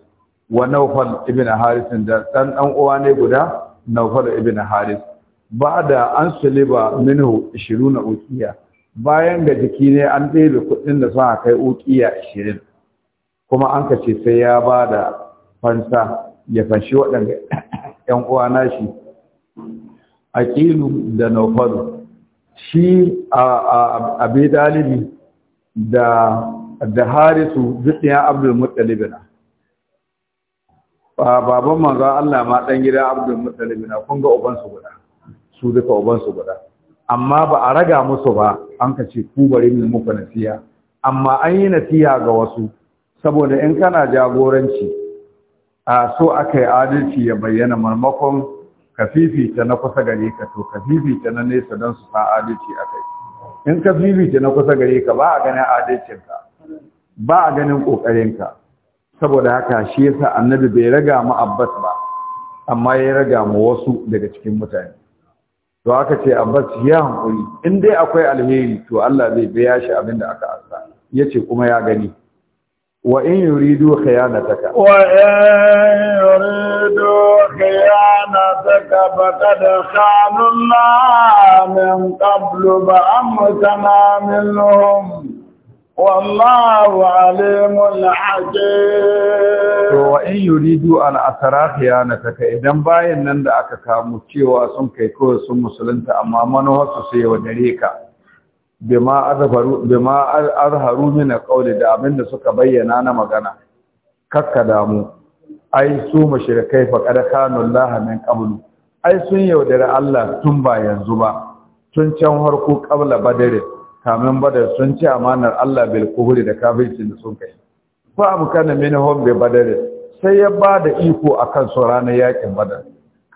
wa nawfal ibn haris da dan dan uwa ne guda nawfal ibn haris ba'da an suliba minhu 20 uqiya bayan ga jiki ne an ɗebe kuɗin da sun kai uqiya 20 kuma an kace sai ya bada fansa ya fanshi waɗanda ‘yan uwa nashi aqilu da nawfalu shi a abi dalibi da da harisu zuciya abdul muttalibi na baban manzo Allah ma dan gida abdul muttalibi na kun ga ubansu guda su duka ubansu guda amma ba a raga musu ba an ka ce ku bari mu muku nasiya amma an yi nasiya ga wasu saboda in kana jagoranci a so aka yi adalci ya bayyana marmakon ka fifita na kusa gare ka to ka fifita na nesa don su san adalci a kai in ka fifita na kusa gare ka ba a ganin adalcinka ba a ganin ƙoƙarinka saboda haka shi yasa annabi bai raga mu abbas ba amma ya raga mu wasu daga cikin mutane to aka ce abbas ya hankuri in dai akwai alheri to Allah zai biya shi abin da aka asa yace kuma ya gani وإن يريدوا خيانتك وإن يريدوا خيانتك فقد خان الله من قبل بأمتنا منهم والله عليم الحكيم وإن يريدوا أن أترى خيانتك إذن باين نند كامتشي كامو تشيوا سنكي مسلمت أمامنا وسسي ودريكا bima azharu bima azharu min qawli da suka bayyana na magana kakka damu ai su mushrikai fa kad kanu Allah min qablu ai sun yaudare Allah tun ba yanzu ba tun can harko qabla badare kamin badar sun ci amanar Allah bil kuhuri da kafirci da sun kai fa min minhum bi badare sai ya bada iko akan su ranar yakin badar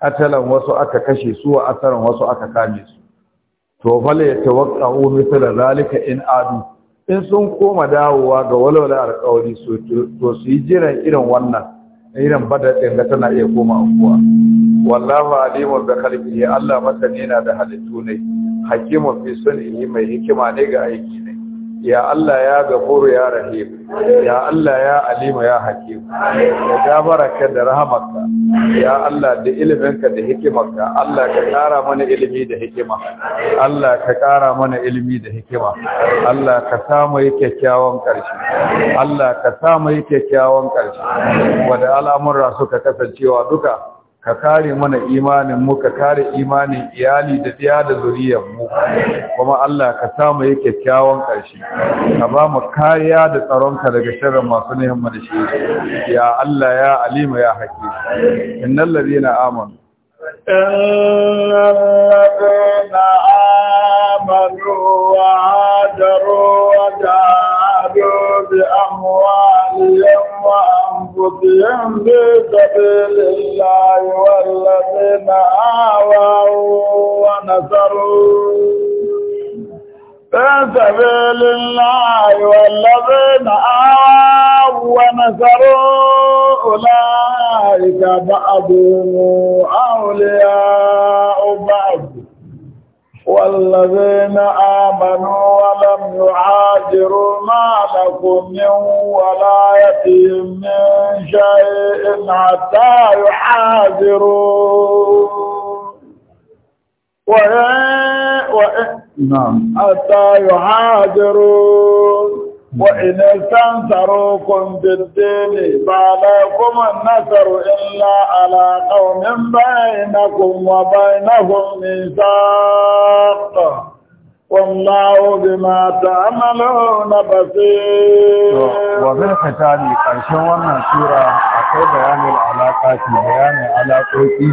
katalan wasu aka kashe su wa asaran wasu aka kame su to fala ya tawaqqa'u mithla zalika in adu in sun koma dawowa ga walwala alƙawari to su yi jiran irin wannan irin bada ɗin da tana iya koma kuwa wallahu alimun da ya Allah masani yana da halittu ne hakimun fi sunni mai hikima ne ga aiki ne ya Allah ya gafuru ya rahim ya Allah ya alima ya hakim Ya gafararka da rahamarka ya Allah da iliminka da hikimarka Allah ka kara mana ilimi da hikima Allah ka kara mana ilimi da hikima Allah ka samu kyakkyawan karshe Allah ka samu kyakkyawan karshe wanda al'amura suka kasancewa duka ka kare mana imanin mu ka kare imanin iyali da diya da zuriyar mu kuma Allah ka samu yi kyakkyawan ƙarshe ka ba mu kariya da tsaronka daga shirin masu nihin mu da shi ya Allah ya alima ya hakim innal ladina amanu innal na amanu wa da ruwa da bi amwalihim أنفسهم بسبيل سبيل الله والذين آووا ونصروا بسبيل سبيل الله والذين آووا ونصروا أولئك بعضهم أولياء بعض والذين آمنوا ولم يعاجروا ما لكم من ولايتهم من شيء حتى يحاجروا وإن وإن نعم حتى يحاجروا wa ina san taro kun dede ne ba da kuma nasaru illa ala kaunin bai na kuma bai na kun nisa ta wanda mata amalo na basi wa zai fita ne wannan tura akwai bayanin alaƙa ki bayanin alaƙoƙi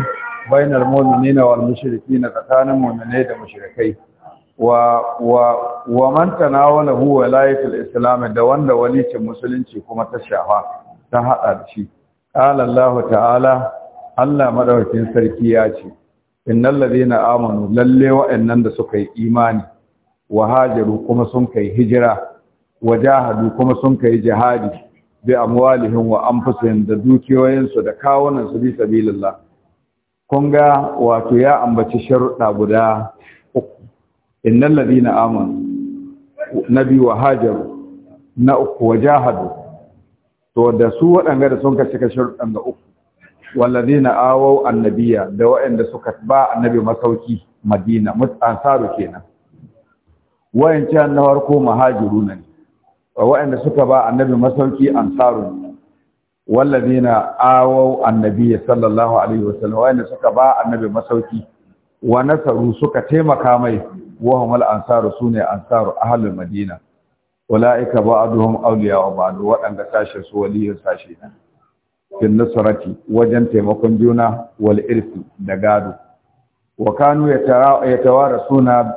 bainar mulmini na wal mashirki na tsakanin mulmini da mashirkai wa wa wa man tanawala islam da wanda ce musulunci kuma ta shafa ta hada da shi qala allah ta'ala allah madaukakin sarki ya ce innal ladina amanu lalle wa'annan da suka yi imani wa hajaru kuma sun kai hijira wa jahadu kuma sun kai jihadi bi amwalihim wa anfusihim da dukiyoyinsu da kawunan su bi sabilillah kun ga wato ya ambaci sharuɗa guda innal ladina amanu nabi wa hajaru na uku wa jahadu to da su waɗanda da sun kace kashe rudan ga uku walladina awau annabiya da waɗanda suka ba annabi masauki madina mutsansaru kenan wayancan na farko muhajiruna ne waɗanda suka ba annabi masauki ansaru walladina awau annabiya sallallahu alaihi wasallam waɗanda suka ba annabi masauki wa nasaru suka taimaka mai wa hum al ansaru sune ansaru ahlul madina ulaika ba'duhum awliya wa ba'd wadanda sashe su waliyin sashe na fil nusrati wajen taimakon juna wal irfi da gado wa kanu yatawarasuna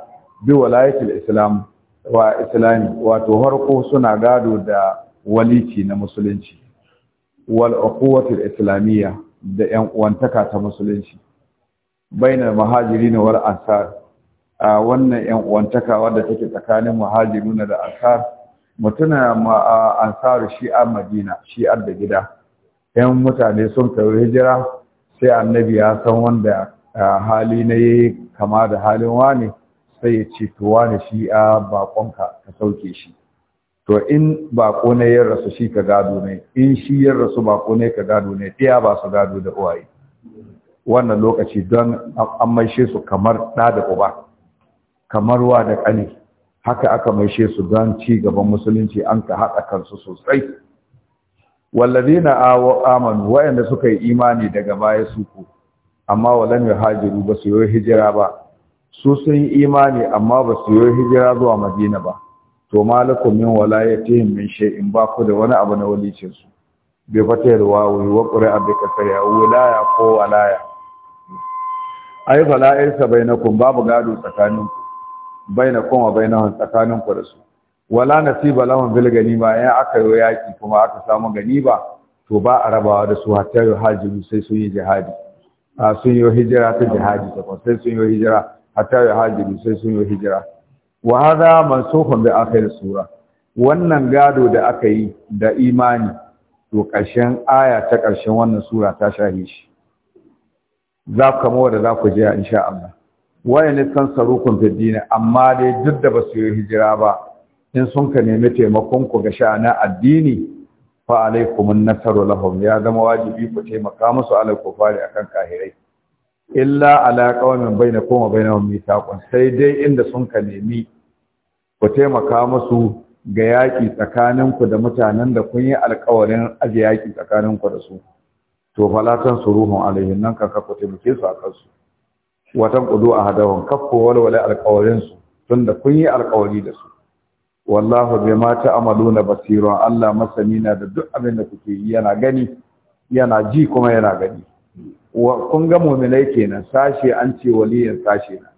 bi walayatil islam wa islami wato harko suna gado da walici na musulunci wal uquwatil islamiyya da yan uwantaka ta musulunci bainal mahajirina wal ansar a wannan yan uwantaka wadda take tsakanin muhajiruna da ansar mutuna ma ansaru shi a madina shi da gida yan mutane sun kawo hijira sai annabi ya san wanda hali na yayi kama da halin wani sai ya ce to wani shi a bakonka ka sauke shi to in bako ne ya rasu shi ka gado ne in shi ya rasu bako ne ka gado ne ɗaya ba su gado da uwaye wannan lokaci don an su kamar ɗa da uba kamar wa da ƙani haka aka maishe su don ci gaban musulunci an ka haɗa kansu sosai wallazina amanu wayanda suka yi imani daga baya su ku amma walam yuhajiru ba su yi hijira ba su sun yi imani amma ba su yi hijira zuwa madina ba to malakum min walayatihim min in ba ku da wani abu na walicin su bai fata wawi wa qur'a bi kasaya wilaya ko walaya ai bala'irsa bainakum babu gado tsakaninku baina kuma bainahum tsakanin ku da su wala nasiba lahum bil ganima ya aka yi yaki kuma aka samu ganiba to ba a rabawa da su hatta yu hajiru sai sun yi jihadi a sun yi hijira ta jihadi ta sai sun yi hijira hatta yu hajiru sai sun yi hijira wa hadha mansukhun bi akhir sura wannan gado da aka yi da imani to ƙarshen aya ta ƙarshen wannan sura ta shahi shi za ku kama da za ku je insha Allah Waye ne san sarukun fiddini amma dai duk da basu yi hijira ba in sun ka nemi taimakon ku ga na addini fa alaikumun nasaru lahum ya zama wajibi ku taimaka musu alal kufari akan kahirai illa ala qaumin bainakum wa bainahum mithaqun sai dai inda sun ka nemi ku taimaka musu ga yaƙi tsakaninku da mutanen da kun yi alƙawarin aje tsakanin tsakaninku da su to tan suruhun alaihin nan kaka ku taimake su a kansu watan kudu a hadahun kakko walwale alkawarinsu tun da kun yi alkawari da su wallahu bai ma ta'amaluna basira Allah masani na da duk abin da kuke yi yana gani yana ji kuma yana gani kun ga mu'minai kenan sashe an ce waliyin sashe na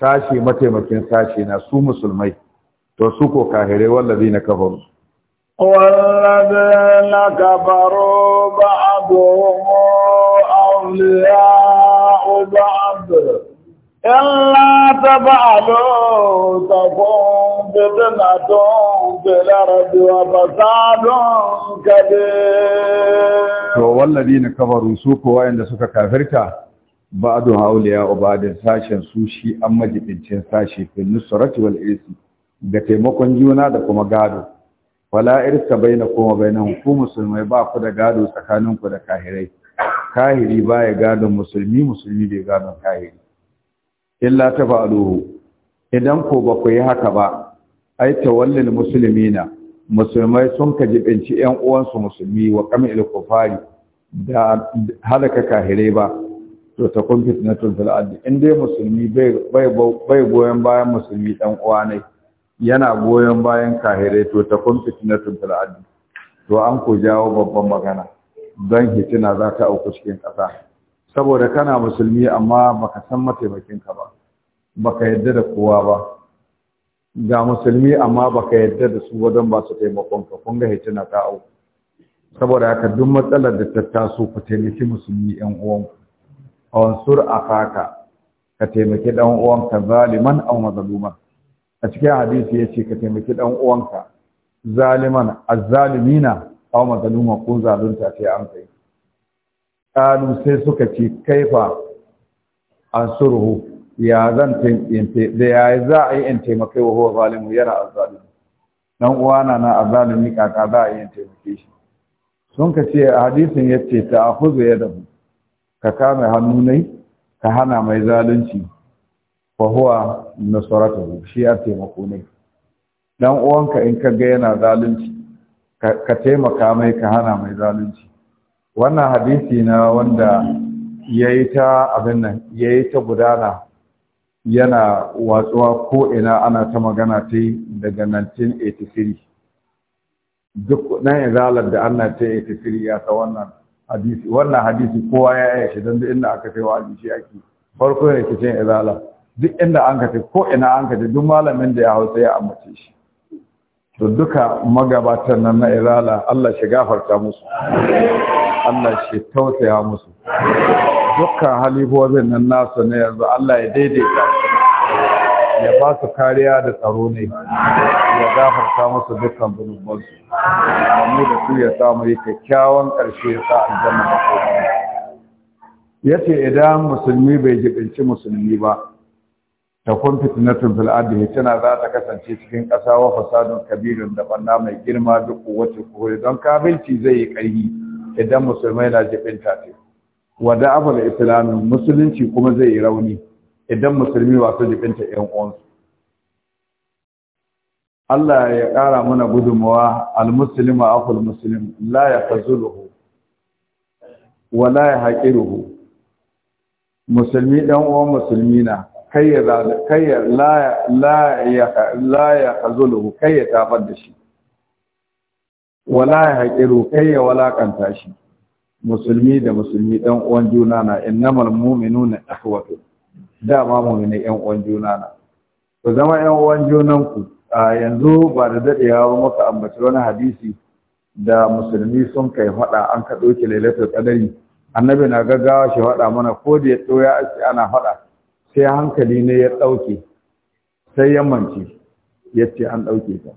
sashe mataimakin sashe na su musulmai to su ko kahirai wallazi na kafaru والذين كفروا بعضهم أولياء بعض Ìláta bá ló tàbùn bèbè náà tó ń bè lára bí wà To, wallabi na kabarun su kowa inda suka kafirta ba a don haule ya uba da sashen sushi shi an majibincin sashe fin nusarati wal irisi ga taimakon juna da kuma gado. Wala irisa bai na koma bai nan ku musulmai ba ku da gado tsakaninku da kahirai. Kahiri ba ya gadon musulmi musulmi bai gadon kahiri. illa ta fa'aluhu idan ko ba ku yi haka ba ai musulmi muslimina musulmai sun ka jibinci ƴan uwansu musulmi wa qamil kufari da halaka kahirai ba to ta kun fitnatun fil ardi in dai musulmi bai bai goyen bayan musulmi ɗan uwa ne yana goyen bayan kahirai to ta kun fitnatun fil ardi to an ko jawo babban magana don hitina za ta auku cikin ƙasa saboda kana musulmi amma baka san mataimakinka ba baka yadda da kowa ba ga musulmi amma baka yadda da su wajen ba su taimakonka kun ga hicina ta au saboda haka duk matsalar da ta taso ku taimaki musulmi yan uwanku a wansur ka taimaki dan uwanka zaliman aw mazluman a cikin hadisi ya ce ka taimaki dan uwanka zaliman azzalimina aw mazluman ko zalunta sai an kai kanu sai suka ce kaifa an suruhu ya zan da ya za a yi in taimakai wa huwa yana azzalimi dan uwana na azzalimi kaka za a yi in taimake shi sun ka ce hadisin ya ce ta ahuzu ya dabu ka kame hannu ka hana mai zalunci fa huwa nasaratuhu shi ya taimako ne dan uwanka in ka ga yana zalunci ka taimaka mai ka hana mai zalunci wannan hadisi na wanda ya yi ta abin nan ya yi ta gudana yana watsuwa ko'ina ana ta magana ta yi daga 1983 duk nan izalar da ana ta 83 ya ta wannan hadisi wannan hadisi kowa ya yi shi don duk inda aka yi wa hadisi ake farko ya ke cin izalar duk inda an ka ko'ina an ka duk malamin da ya hau sai ya ambace shi to duka magabatan nan na izala Allah shi gafarta musu Allah shi tausaya musu dukkan halifofin nan nasu na yanzu Allah ya daidaita ya ba su kariya da tsaro ne ya gafarta musu dukkan zunubansu amma da su ya samu yi kyakkyawan ƙarshe ya sa aljanna ya ce idan musulmi bai jibinci musulmi ba ta kun fitinatun fil'adu ya tana za ta kasance cikin ƙasa wa fasadun kabirin da banna mai girma duk wacce kuhure don kabilci zai yi ƙarfi idan musulmai na jibin tafi Wada da'afal islamin musulunci kuma zai yi rauni idan musulmi ba su jibinta yan uwansu Allah ya ƙara mana gudunmawa al-muslimu akul muslim la fazuluhu wa la yahqiruhu musulmi dan uwan musulmi na kai ya la la ya la ya kai ya tabar da shi wala ya haƙi kai ya walaƙanta shi musulmi da musulmi ɗan uwan juna na innamal mu'minuna ɗafuwatu dama mu'mini ɗan uwan juna na ku zama ɗan uwan junan ku a yanzu ba da dadewa ba muka ambaci wani hadisi da musulmi sun kai faɗa an ka ɗauki lailatul qadari annabi na gaggawa shi faɗa mana ko da ya ɗoya ce ana faɗa sai hankali ne ya ɗauke sai ya mance ya ce an ɗauke ta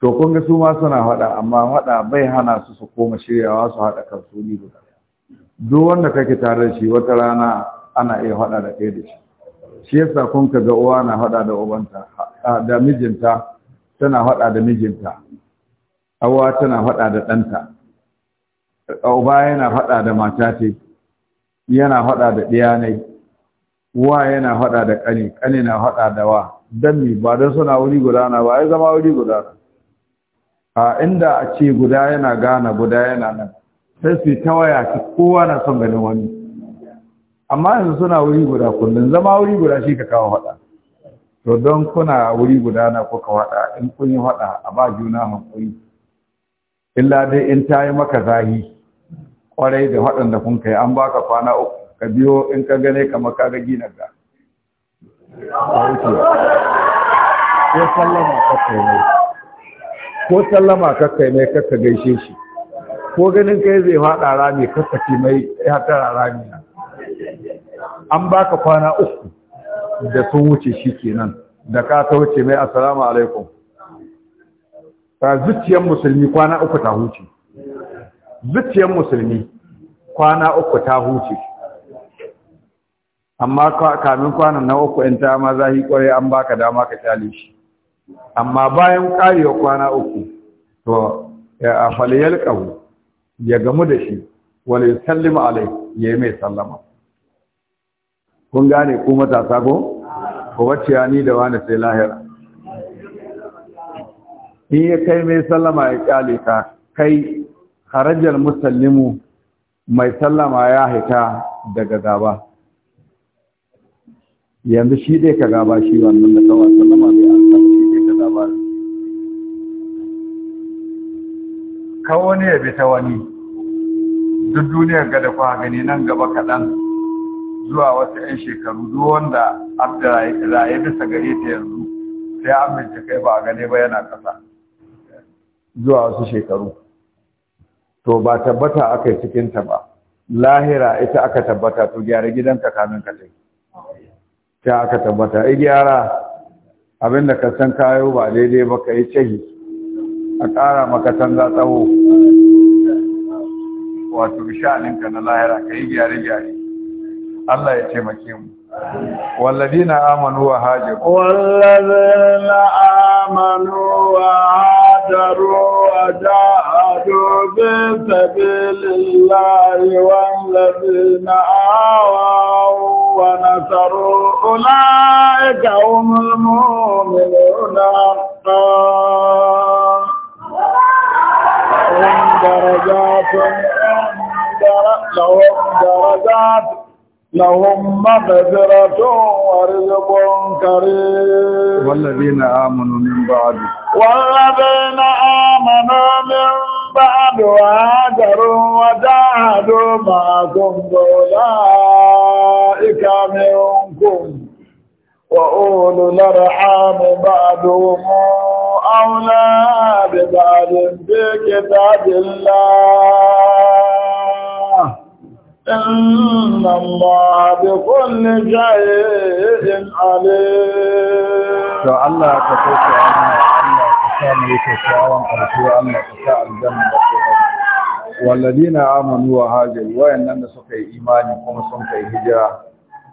to kun ga su ma suna haɗa amma haɗa bai hana su su koma shiryawa su haɗa kansu ni guda duk wanda kake tare da shi wata rana ana iya haɗa da ɗaya da shi shi yasa kun ka ga uwa na haɗa da ubanta da mijinta tana haɗa da mijinta awa tana haɗa da ɗanta uba yana haɗa da mata ce yana haɗa da ɗiya ne wa yana haɗa da ƙani ƙani na haɗa da wa Dan mi ba don suna wuri guda na ba ya zama wuri guda na a inda a ce guda yana gana guda yana nan sai su ta waya ta kowa na son ganin wani amma yanzu suna wuri guda kullum zama wuri guda shi ka kawo faɗa to don kuna wuri guda na kuka faɗa in kun yi faɗa a ba juna hankali illa dai in ta yi maka zahi kwarai da da kun kai an baka kwana uku ka biyo in ka gane kamar ka ga ginar ka a wuce ya sallama ka kai ko sallama kakka mai kakka gaishe shi ko ganin kai zai fada rami kakka ce mai ya tara rami na an baka kwana uku da sun wuce shi kenan da ka ta wuce mai assalamu alaikum ta zuciyar musulmi kwana uku ta huce zuciyar musulmi kwana uku ta huce amma kamin kwanan na uku in ta ma zahi kwarai an baka dama ka kyale shi amma bayan karewa kwana uku to a faliyar ƙahu ya gamu da shi Wani sallima alai ya yi mai sallama kun gane ku matasa ko ko wacce ni da wani sai lahira in ya kai mai sallama ya ƙyale ka kai harajar musallimu mai sallama ya haita daga gaba yanzu shi dai ka gaba shi wannan da kawai sallama bai kawo wani ya bi ta wani duk duniyar gada kwa gani nan gaba kaɗan zuwa wasu 'yan shekaru duk wanda abda raye bisa gare ta yanzu sai an kai ba a gane ba yana ƙasa zuwa wasu shekaru to ba tabbata aka yi cikinta ba lahira ita aka tabbata to gyara gidanka kamin ka tai ta aka tabbata ai gyara abinda ka san kayo ba daidai ba ka yi cahi a ƙara makatan za tsawo wato sha'aninka na lahira ka yi gyare-gyare Allah ya ce mu. wallabi na amonu wa wallabi na amonu wa hajjaru wa ja a dubin sabilillahi wallabi na awawo wa nasaru ula ga umarmu لهم درجات لهم درجات لهم مغفرة ورزق كريم والذين آمنوا من بعد والذين آمنوا من بعد وهاجروا وجاهدوا معكم أولئك منكم وأولو الأرحام بعدهم أولى ببعض بكتاب الله إن الله بكل شيء عليم الله تفوت عنه الله تسامي تساوم أرسوه الله تساء الجنة والذين آمنوا وهاجروا وإننا سكي إيماني كما سكي هجرة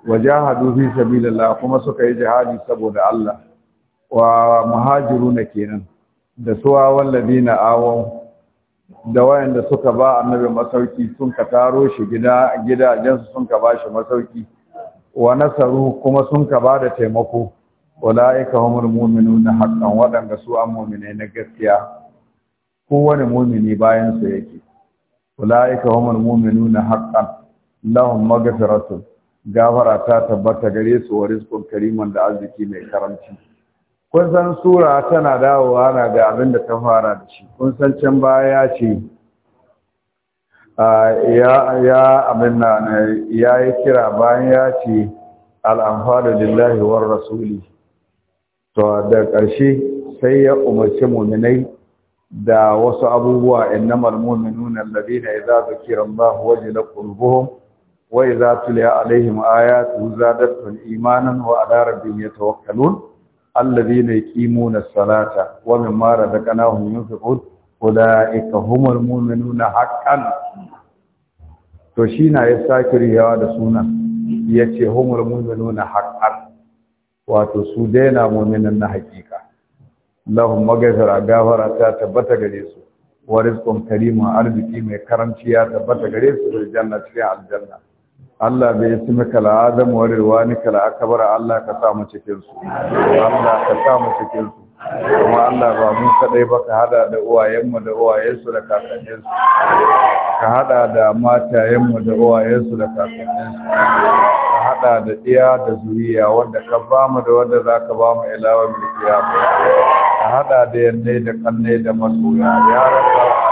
وجاهدوا في سبيل الله كما سكي جهادي سبود الله wa na kenan da suwa wallazina awon da wayanda suka ba annabi masauki sun ka taro shi gida gidajensu sun ka ba shi masauki wa nasaru kuma sun ka ba da taimako ulaika humul mu'minuna haqqan wadanda su an mu'mine na gaskiya Ko wani mu'mini bayan su yake ulaika humul mu'minuna haqqan lahum maghfiratun gafara ta tabbata gare su wa rizqun kariman da arziki mai karamci kun san sura tana dawowa na ga abin da ta fara da shi kun san can baya ce ah, ya abin na ya yi kira bayan ya ce al'amfadu lillahi war rasuli to da ƙarshe sai ya umarci muminai da wasu abubuwa innamal mu'minuna alladhina idza zukira Allah wajilat qulubuhum wa idza tuliya alaihim ayatuhu zadatuhum imanan wa ala rabbihim yatawakkalun alladhina yuqimuna as-salata wa mimma razaqnahum yunfiqun ulaika humul mu'minuna haqqan to shi na ya sake riyawa da suna yace humul mu'minuna haqqan wato su daina mu'minan na hakika lahum maghfira gafara ta tabbata gare su wa rizqun karimun arziki mai karanci ya tabbata gare su da janna cikin aljanna Allah bai yi maka la'adam wa rirwanika la'akabar Allah ka samu cikinsu Allah ka samu cikinsu kuma Allah ba mun kaɗai ba ka hada da uwayenmu da uwayensu da kakanninsu ka hada da matayenmu da uwayensu da kakanninsu ka hada da iya da zuriya wanda ka ba mu da wanda za ka ba mu ilawa mulkiya ka hada da yanne da kanne da masoya ya rabba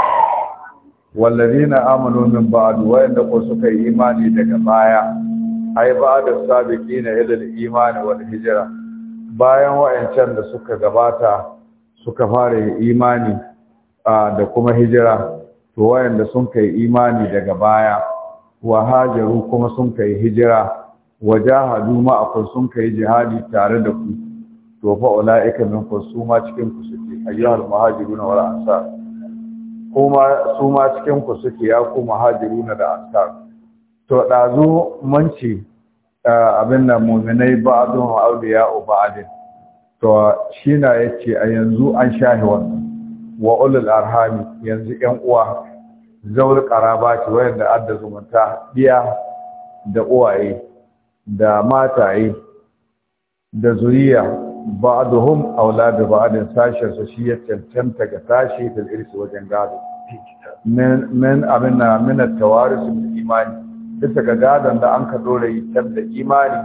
wallazina amanu min ba'd wa'anda ko suka yi imani daga baya ai ba'da sabiqina ila al-iman wal hijra bayan wa'ancan da suka gabata suka fara yi imani da kuma hijira to wayanda sun kai imani daga baya wa hajaru kuma sun kai hijira wajahadu ma akwai sun kai jihadi tare da ku to fa ulaika min kusuma cikin ku ayyuhal muhajiruna wal ansar kuma su ma cikin ku suke ya ku muhajiruna da ansar to ɗazu mun ci abin nan mu'minai ba a ba'dun awliya u ba'din to shina yace a yanzu an shahi wannan wa ulul arhami yanzu yan uwa zaur qarabati da adda zumunta biya da uwaye da mataye da zuriya ba'duhum auladu ba'din sashen su shi ya cancanta ga tashi da irsi wajen gado min abin na min tawarisu bil imani bisa ga gadon da an ka dore yitar da imani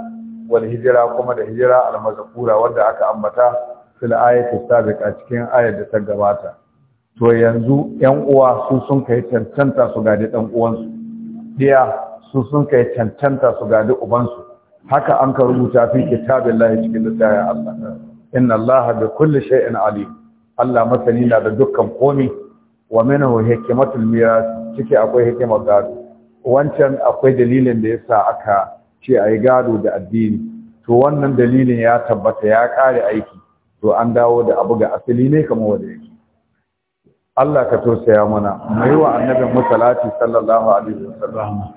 wal hijira kuma da hijira al mazkura wanda aka ambata fil ayati sabiqa cikin ayar da ta gabata to yanzu yan uwa su sun kai cancanta su gadi dan uwansu diya su sun kai cancanta su gadi ubansu haka an ka rubuta fi Allah cikin littafin Allah inna Allah bi kulli shay'in alim Allah masani na da dukkan komi wa minhu hikmatul miras ciki akwai hikimar gado wancan akwai dalilin da yasa aka ce ayi gado da addini to wannan dalilin ya tabbata ya kare aiki to an dawo da abu ga asali ne kamar wanda yake Allah ka ya mana mai wa annabin mu sallallahu alaihi wasallam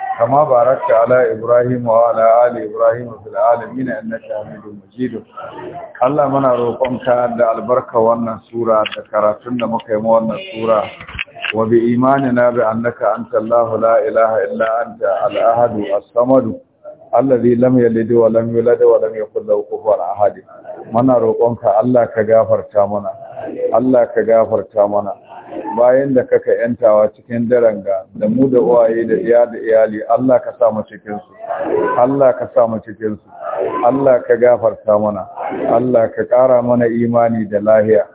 كما باركت على إبراهيم وعلى آل إبراهيم في العالمين إنك حميد مجيد الله منا روقنك عند البركة وانا سورة ذكرتنا مكيم وانا سورة وبإيماننا بأنك أنت الله لا إله إلا أنت الأحد الصمد الذي لم يلد ولم يولد ولم يكن له كفوا أحد منا روقنك الله كغفرت منا الله كغفرت منا bayan da kaka yantawa cikin daren ga da mu da uwaye da iya da iyali Allah ka sa mu cikin su Allah ka sa mu cikin Allah ka gafarta mana Allah ka ƙara mana imani da lahiya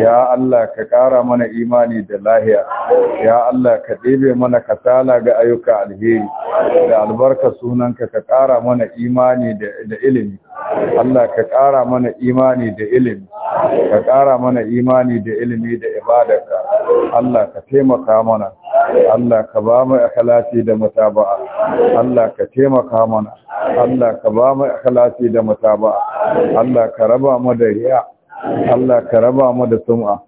ya Allah ka ƙara mana imani da lahiya ya Allah ka ɗebe mana kasala ga ayyuka alheri da albarka sunanka ka ƙara mana imani da ilimi Allah ka ƙara mana imani da ilimi ka ƙara mana imani da ilimi da ibadarka Allah ka taimaka mana Allah ka ba mu ikhlasi da mutaba'a Allah ka taimaka mana Allah ka ba mu ikhlasi da mutaba'a Allah ka raba mu da riya Allah ka raba mu da sum'a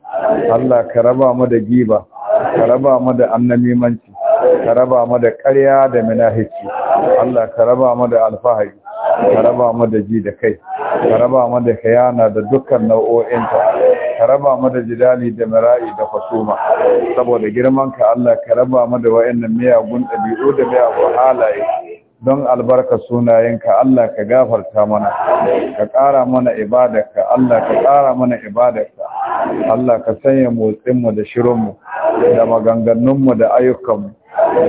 Allah ka raba mu da giba ka raba mu da annamimanci ka raba mu da ƙarya da minahici Allah ka raba mu da alfahari ka raba mu da ji da kai ka raba mu da khiyana da dukkan ta. ka raba mu da jidali da mara'i da fasuma saboda girman ka Allah ka raba mu da miya miyagun ɗabi'u da miyagun halaye don albarka ka Allah ka gafarta mana ka ƙara mana ibadarka Allah ka ƙara mana ibadarka Allah ka sanya motsinmu da shirinmu da maganganunmu da ayyukanmu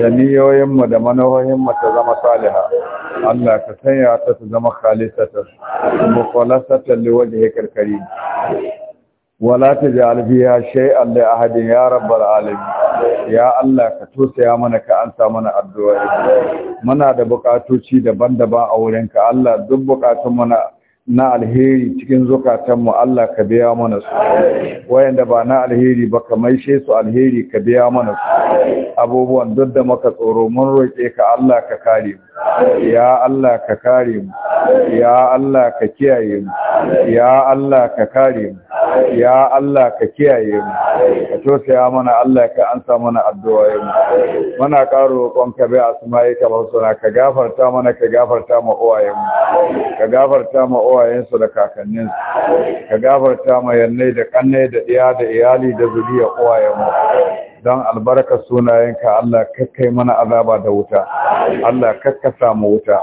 da niyoyinmu da manahoyinmu ta zama saliha Allah ka sanya ta ta zama khalisatar waje ya karkari wala ta ji alfiya Allah a ahadin ya rabbal alibi ya Allah ka ya mana ka ansa mana addu'a muna da bukatoci daban-daban a wurinka Allah duk bukatun mana na alheri cikin zukatanmu Allah ka biya mana su wayanda ba na alheri ba ka maishe su alheri ka biya mana su abubuwan duk da maka tsoro mun roƙe ka Allah ka kare mu ya Allah ka kare mu ya Allah ka kiyaye mu ya Allah ka kare mu ya Allah ka kiyaye mu ka tosaya mana Allah ka ansa mana addu'a mu muna ƙara ka bi asma'ika wa suna ka gafarta mana ka gafarta mu uwaye mu ka gafarta mu uwayen uwayensu da kakanninsu ka gafarta ma da kannai da iya da iyali da zuriya mu don albarka sunayenka Allah kakkai mana azaba da wuta Allah kakka samu wuta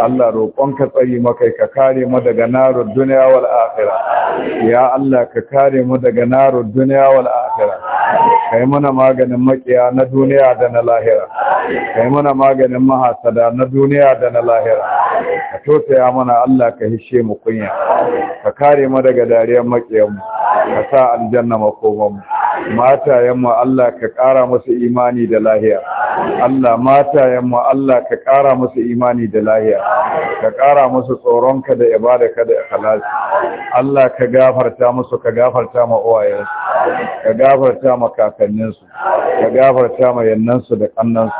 Allah roƙonka tsayi makai ka kare mu daga narar duniya wal akhirah ya Allah ka kare mu daga narar duniya wal akhirah kai mana maganin makiya na duniya da na lahira kai mana maganin mahasada na duniya da na lahira ka ya mana Allah ka hishe mu kunya ka kare mu daga dariyar makiyan mu ka sa aljanna makoman mu Matayenmu Allah ka ƙara musu imani da lahiya Allah matayen Allah ka ƙara musu imani da lahiya ka ƙara musu tsoronka da ibadarka da ikhlasi Allah ka gafarta musu ka gafarta ma uwayensu ka gafarta ma kakanninsu ka gafarta ma yannansu da kannansu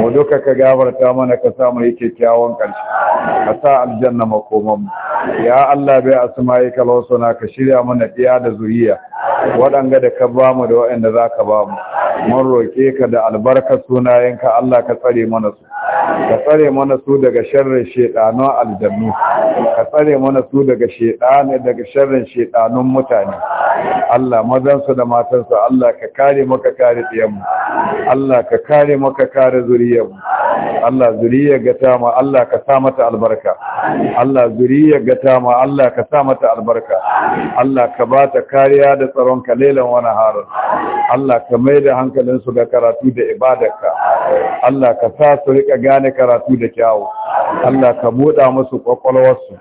mu duka ka gafarta mana ka sa mu yake kyawun ƙarshe ka sa aljanna makoman mu ya Allah bai asma'ika lawsona ka shirya mana diya da zuriya waɗanga da ka ba ba mu da waɗanda za ka ba mu mun roƙe ka da albarkar sunayenka Allah ka tsare mana su ka tsare mana su daga sharrin shedanun aljannu ka tsare mana su daga shedanin daga sharrin shedanun mutane Allah mazansu da matansu Allah ka kare maka kare mu. Allah ka kare maka kare zuriyarmu Allah zuriyar gata ma Allah ka sa mata albarka Allah zuriyar gata ma Allah ka sa mata albarka Allah ka ba ta kariya da tsaron ka lailan wani har al'amarin Allah ka mai da hankalinsu ga karatu da ibadarka Allah ka sa su rika gane karatu da kyawu Allah ka buɗa musu ƙwaƙwalwarsu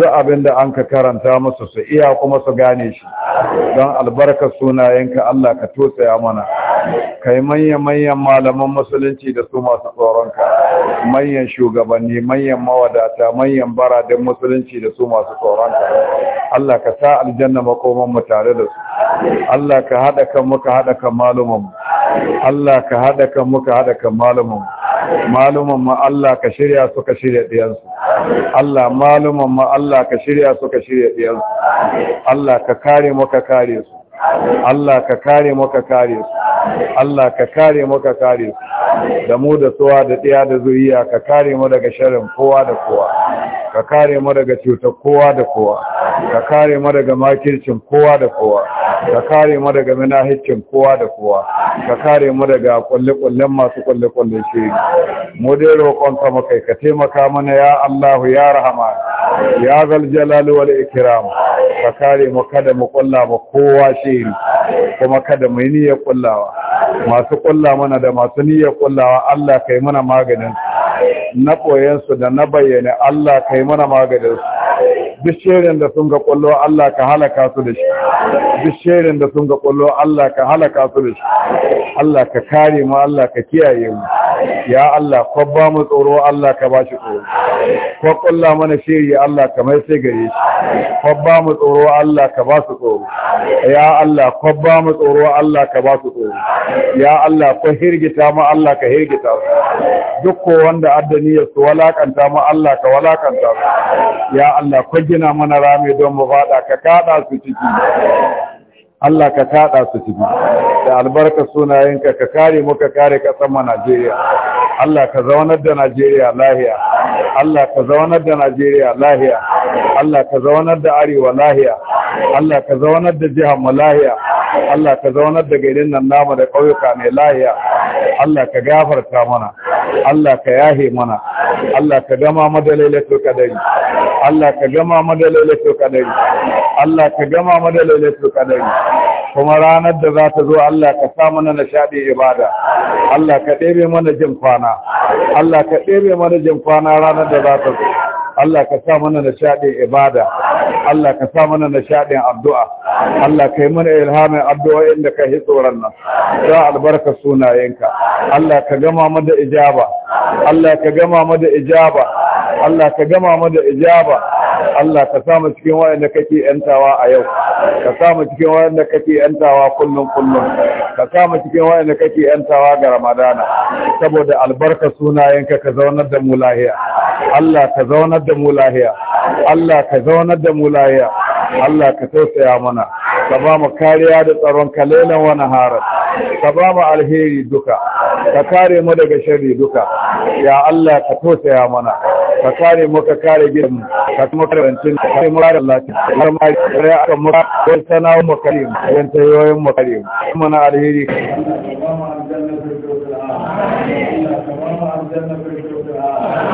da abin da an ka karanta musu su iya kuma su gane shi don albarka sunayenka Allah ka ya mana kai manyan-manyan malaman musulunci da su masu tsoronka manyan shugabanni manyan mawadata manyan baradin musulunci da su masu tsoronka Allah ka sa aljanna makoman mu tare da su Allah ka haɗa kan muka haɗa kan malumanmu. Allah ka haɗa kan muka haɗa kan malumanmu. Malumanmu ma Allah ka shirya su ka shirya ɗiyansu Allah malumanmu. musamman Allah ka shirya su ka shirya ɗiyansu Allah ka kare mu ka kare su Allah ka kare mu ka kare su Allah ka kare mu ka kare su da mu da suwa da ɗaya da zuriya ka kare mu daga sharrin kowa da kowa ka kare mu daga cutar kowa da kowa ka kare mu daga makircin kowa da kowa ka kare mu daga minahicin kowa da kowa ka kare mu daga kulle masu kulle-kullen shiri mu dai ka mu kai ka taimaka mana ya Allah ya rahama, ya zal Jalal wal ikram ka kare mu kada mu kulla ba kowa shiri kuma kada mu yi niyyar kullawa masu kulla mana da masu niyyar kullawa Allah kai mana maganin na koyansu da na bayyana Allah kai mana maganinsu bishirin da sun ga kwallo Allah ka halaka su da shi bishirin da sun ga kwallo Allah ka halaka su da shi Allah ka kare mu Allah ka kiyaye mu ya Allah ba mu tsoro Allah ka bashi tsoro ko kulla mana shiri Allah ka mai sai gare shi ba mu tsoro Allah ka ba su tsoro ya Allah ba mu tsoro Allah ka ba su tsoro ya Allah ko hirgita mu Allah ka hirgita su duk ko wanda addani ya su walakanta mu Allah ka walakanta su ya Allah ko gina mana rami don mu faɗa ka kaɗa su ciki Allah ka kaɗa su ciki da albarka sunayenka ka kare mu ka kare ma Najeriya Allah ka zaunar da Najeriya lahiya Allah ka zaunar da Najeriya lahiya Allah ka zaunar da Arewa lahiya Allah ka zaunar da jihar mu lahiya Allah ka zaunar da garin nan namu da ƙauyuka ne lahiya Allah ka gafarta mana Allah ka yahe mana Allah ka gama mu da lailatul qadari Allah ka gama mu da lailatul qadari Allah ka gama mu da lailatul qadari kuma ranar da za ta zo Allah ka sa mana nishaɗi ibada Allah ka ɗebe mana jin kwana Allah ka ɗebe mana jin kwana ranar da za ta zo Allah ka sa mana nishaɗin ibada Allah ka sa mana nishaɗin addu'a Allah ka yi mana ilhamin addu'o'in da ka yi tsoron nan ya albarka sunayenka Allah ka gama mu ijaba Allah ka gama mu ijaba Allah ka gama mu ijaba Allah ka sa mu cikin wayanda kake yantawa a yau ka sa mu cikin wayanda kake yantawa kullum kullum ka sa mu cikin wayanda kake yantawa ga Ramadana saboda albarka sunayenka ka zaunar da mu lahiya Allah ka zaunar da mu lahiya Allah ka zaunar da mu lahiya Allah ka tausaya mana ka ba mu kariya da tsaron kalelan wani harar ka ba mu alheri duka ka kare mu daga shari duka ya Allah ka tausaya mana ka kare mu ka kare gidan ka kuma karancin ka kare mu da lafiya ya ma kare aka mu wai sana'u mu kare mu yan tayoyin mu kare mu kuma na alheri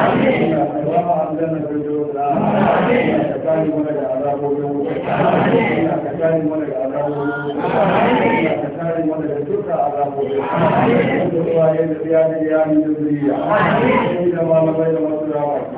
Amin. إسرائيل في هذه الأيام الجبرية إنما لبين مصر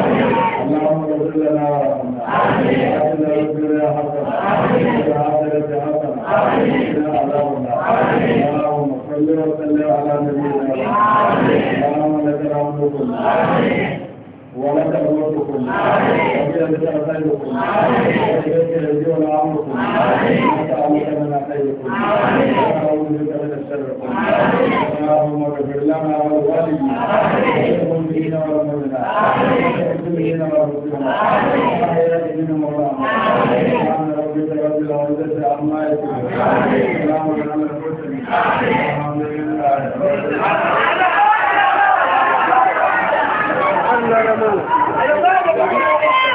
اللهم اغفر لنا وارحمنا اجعلنا اغفر لنا حقنا وعافنا حقنا اجعلنا عذابنا اللهم صل وسلم على نبينا محمد اللهم لك الحمد كله ولك موتكم وإلى الجنة خيركم وإليك يرجعون أمركم نسألك من خيركم ونعوذ بك من شركم اللهم اغفر لنا ولوالدينا وللمؤمنين والمؤمنات وللمسلمين والمسلمات والحياة منهم والأموات سبحان ربك رب العزة عما يصفون سلام على المرسلين الحمد لله رب العالمين Agora, mano.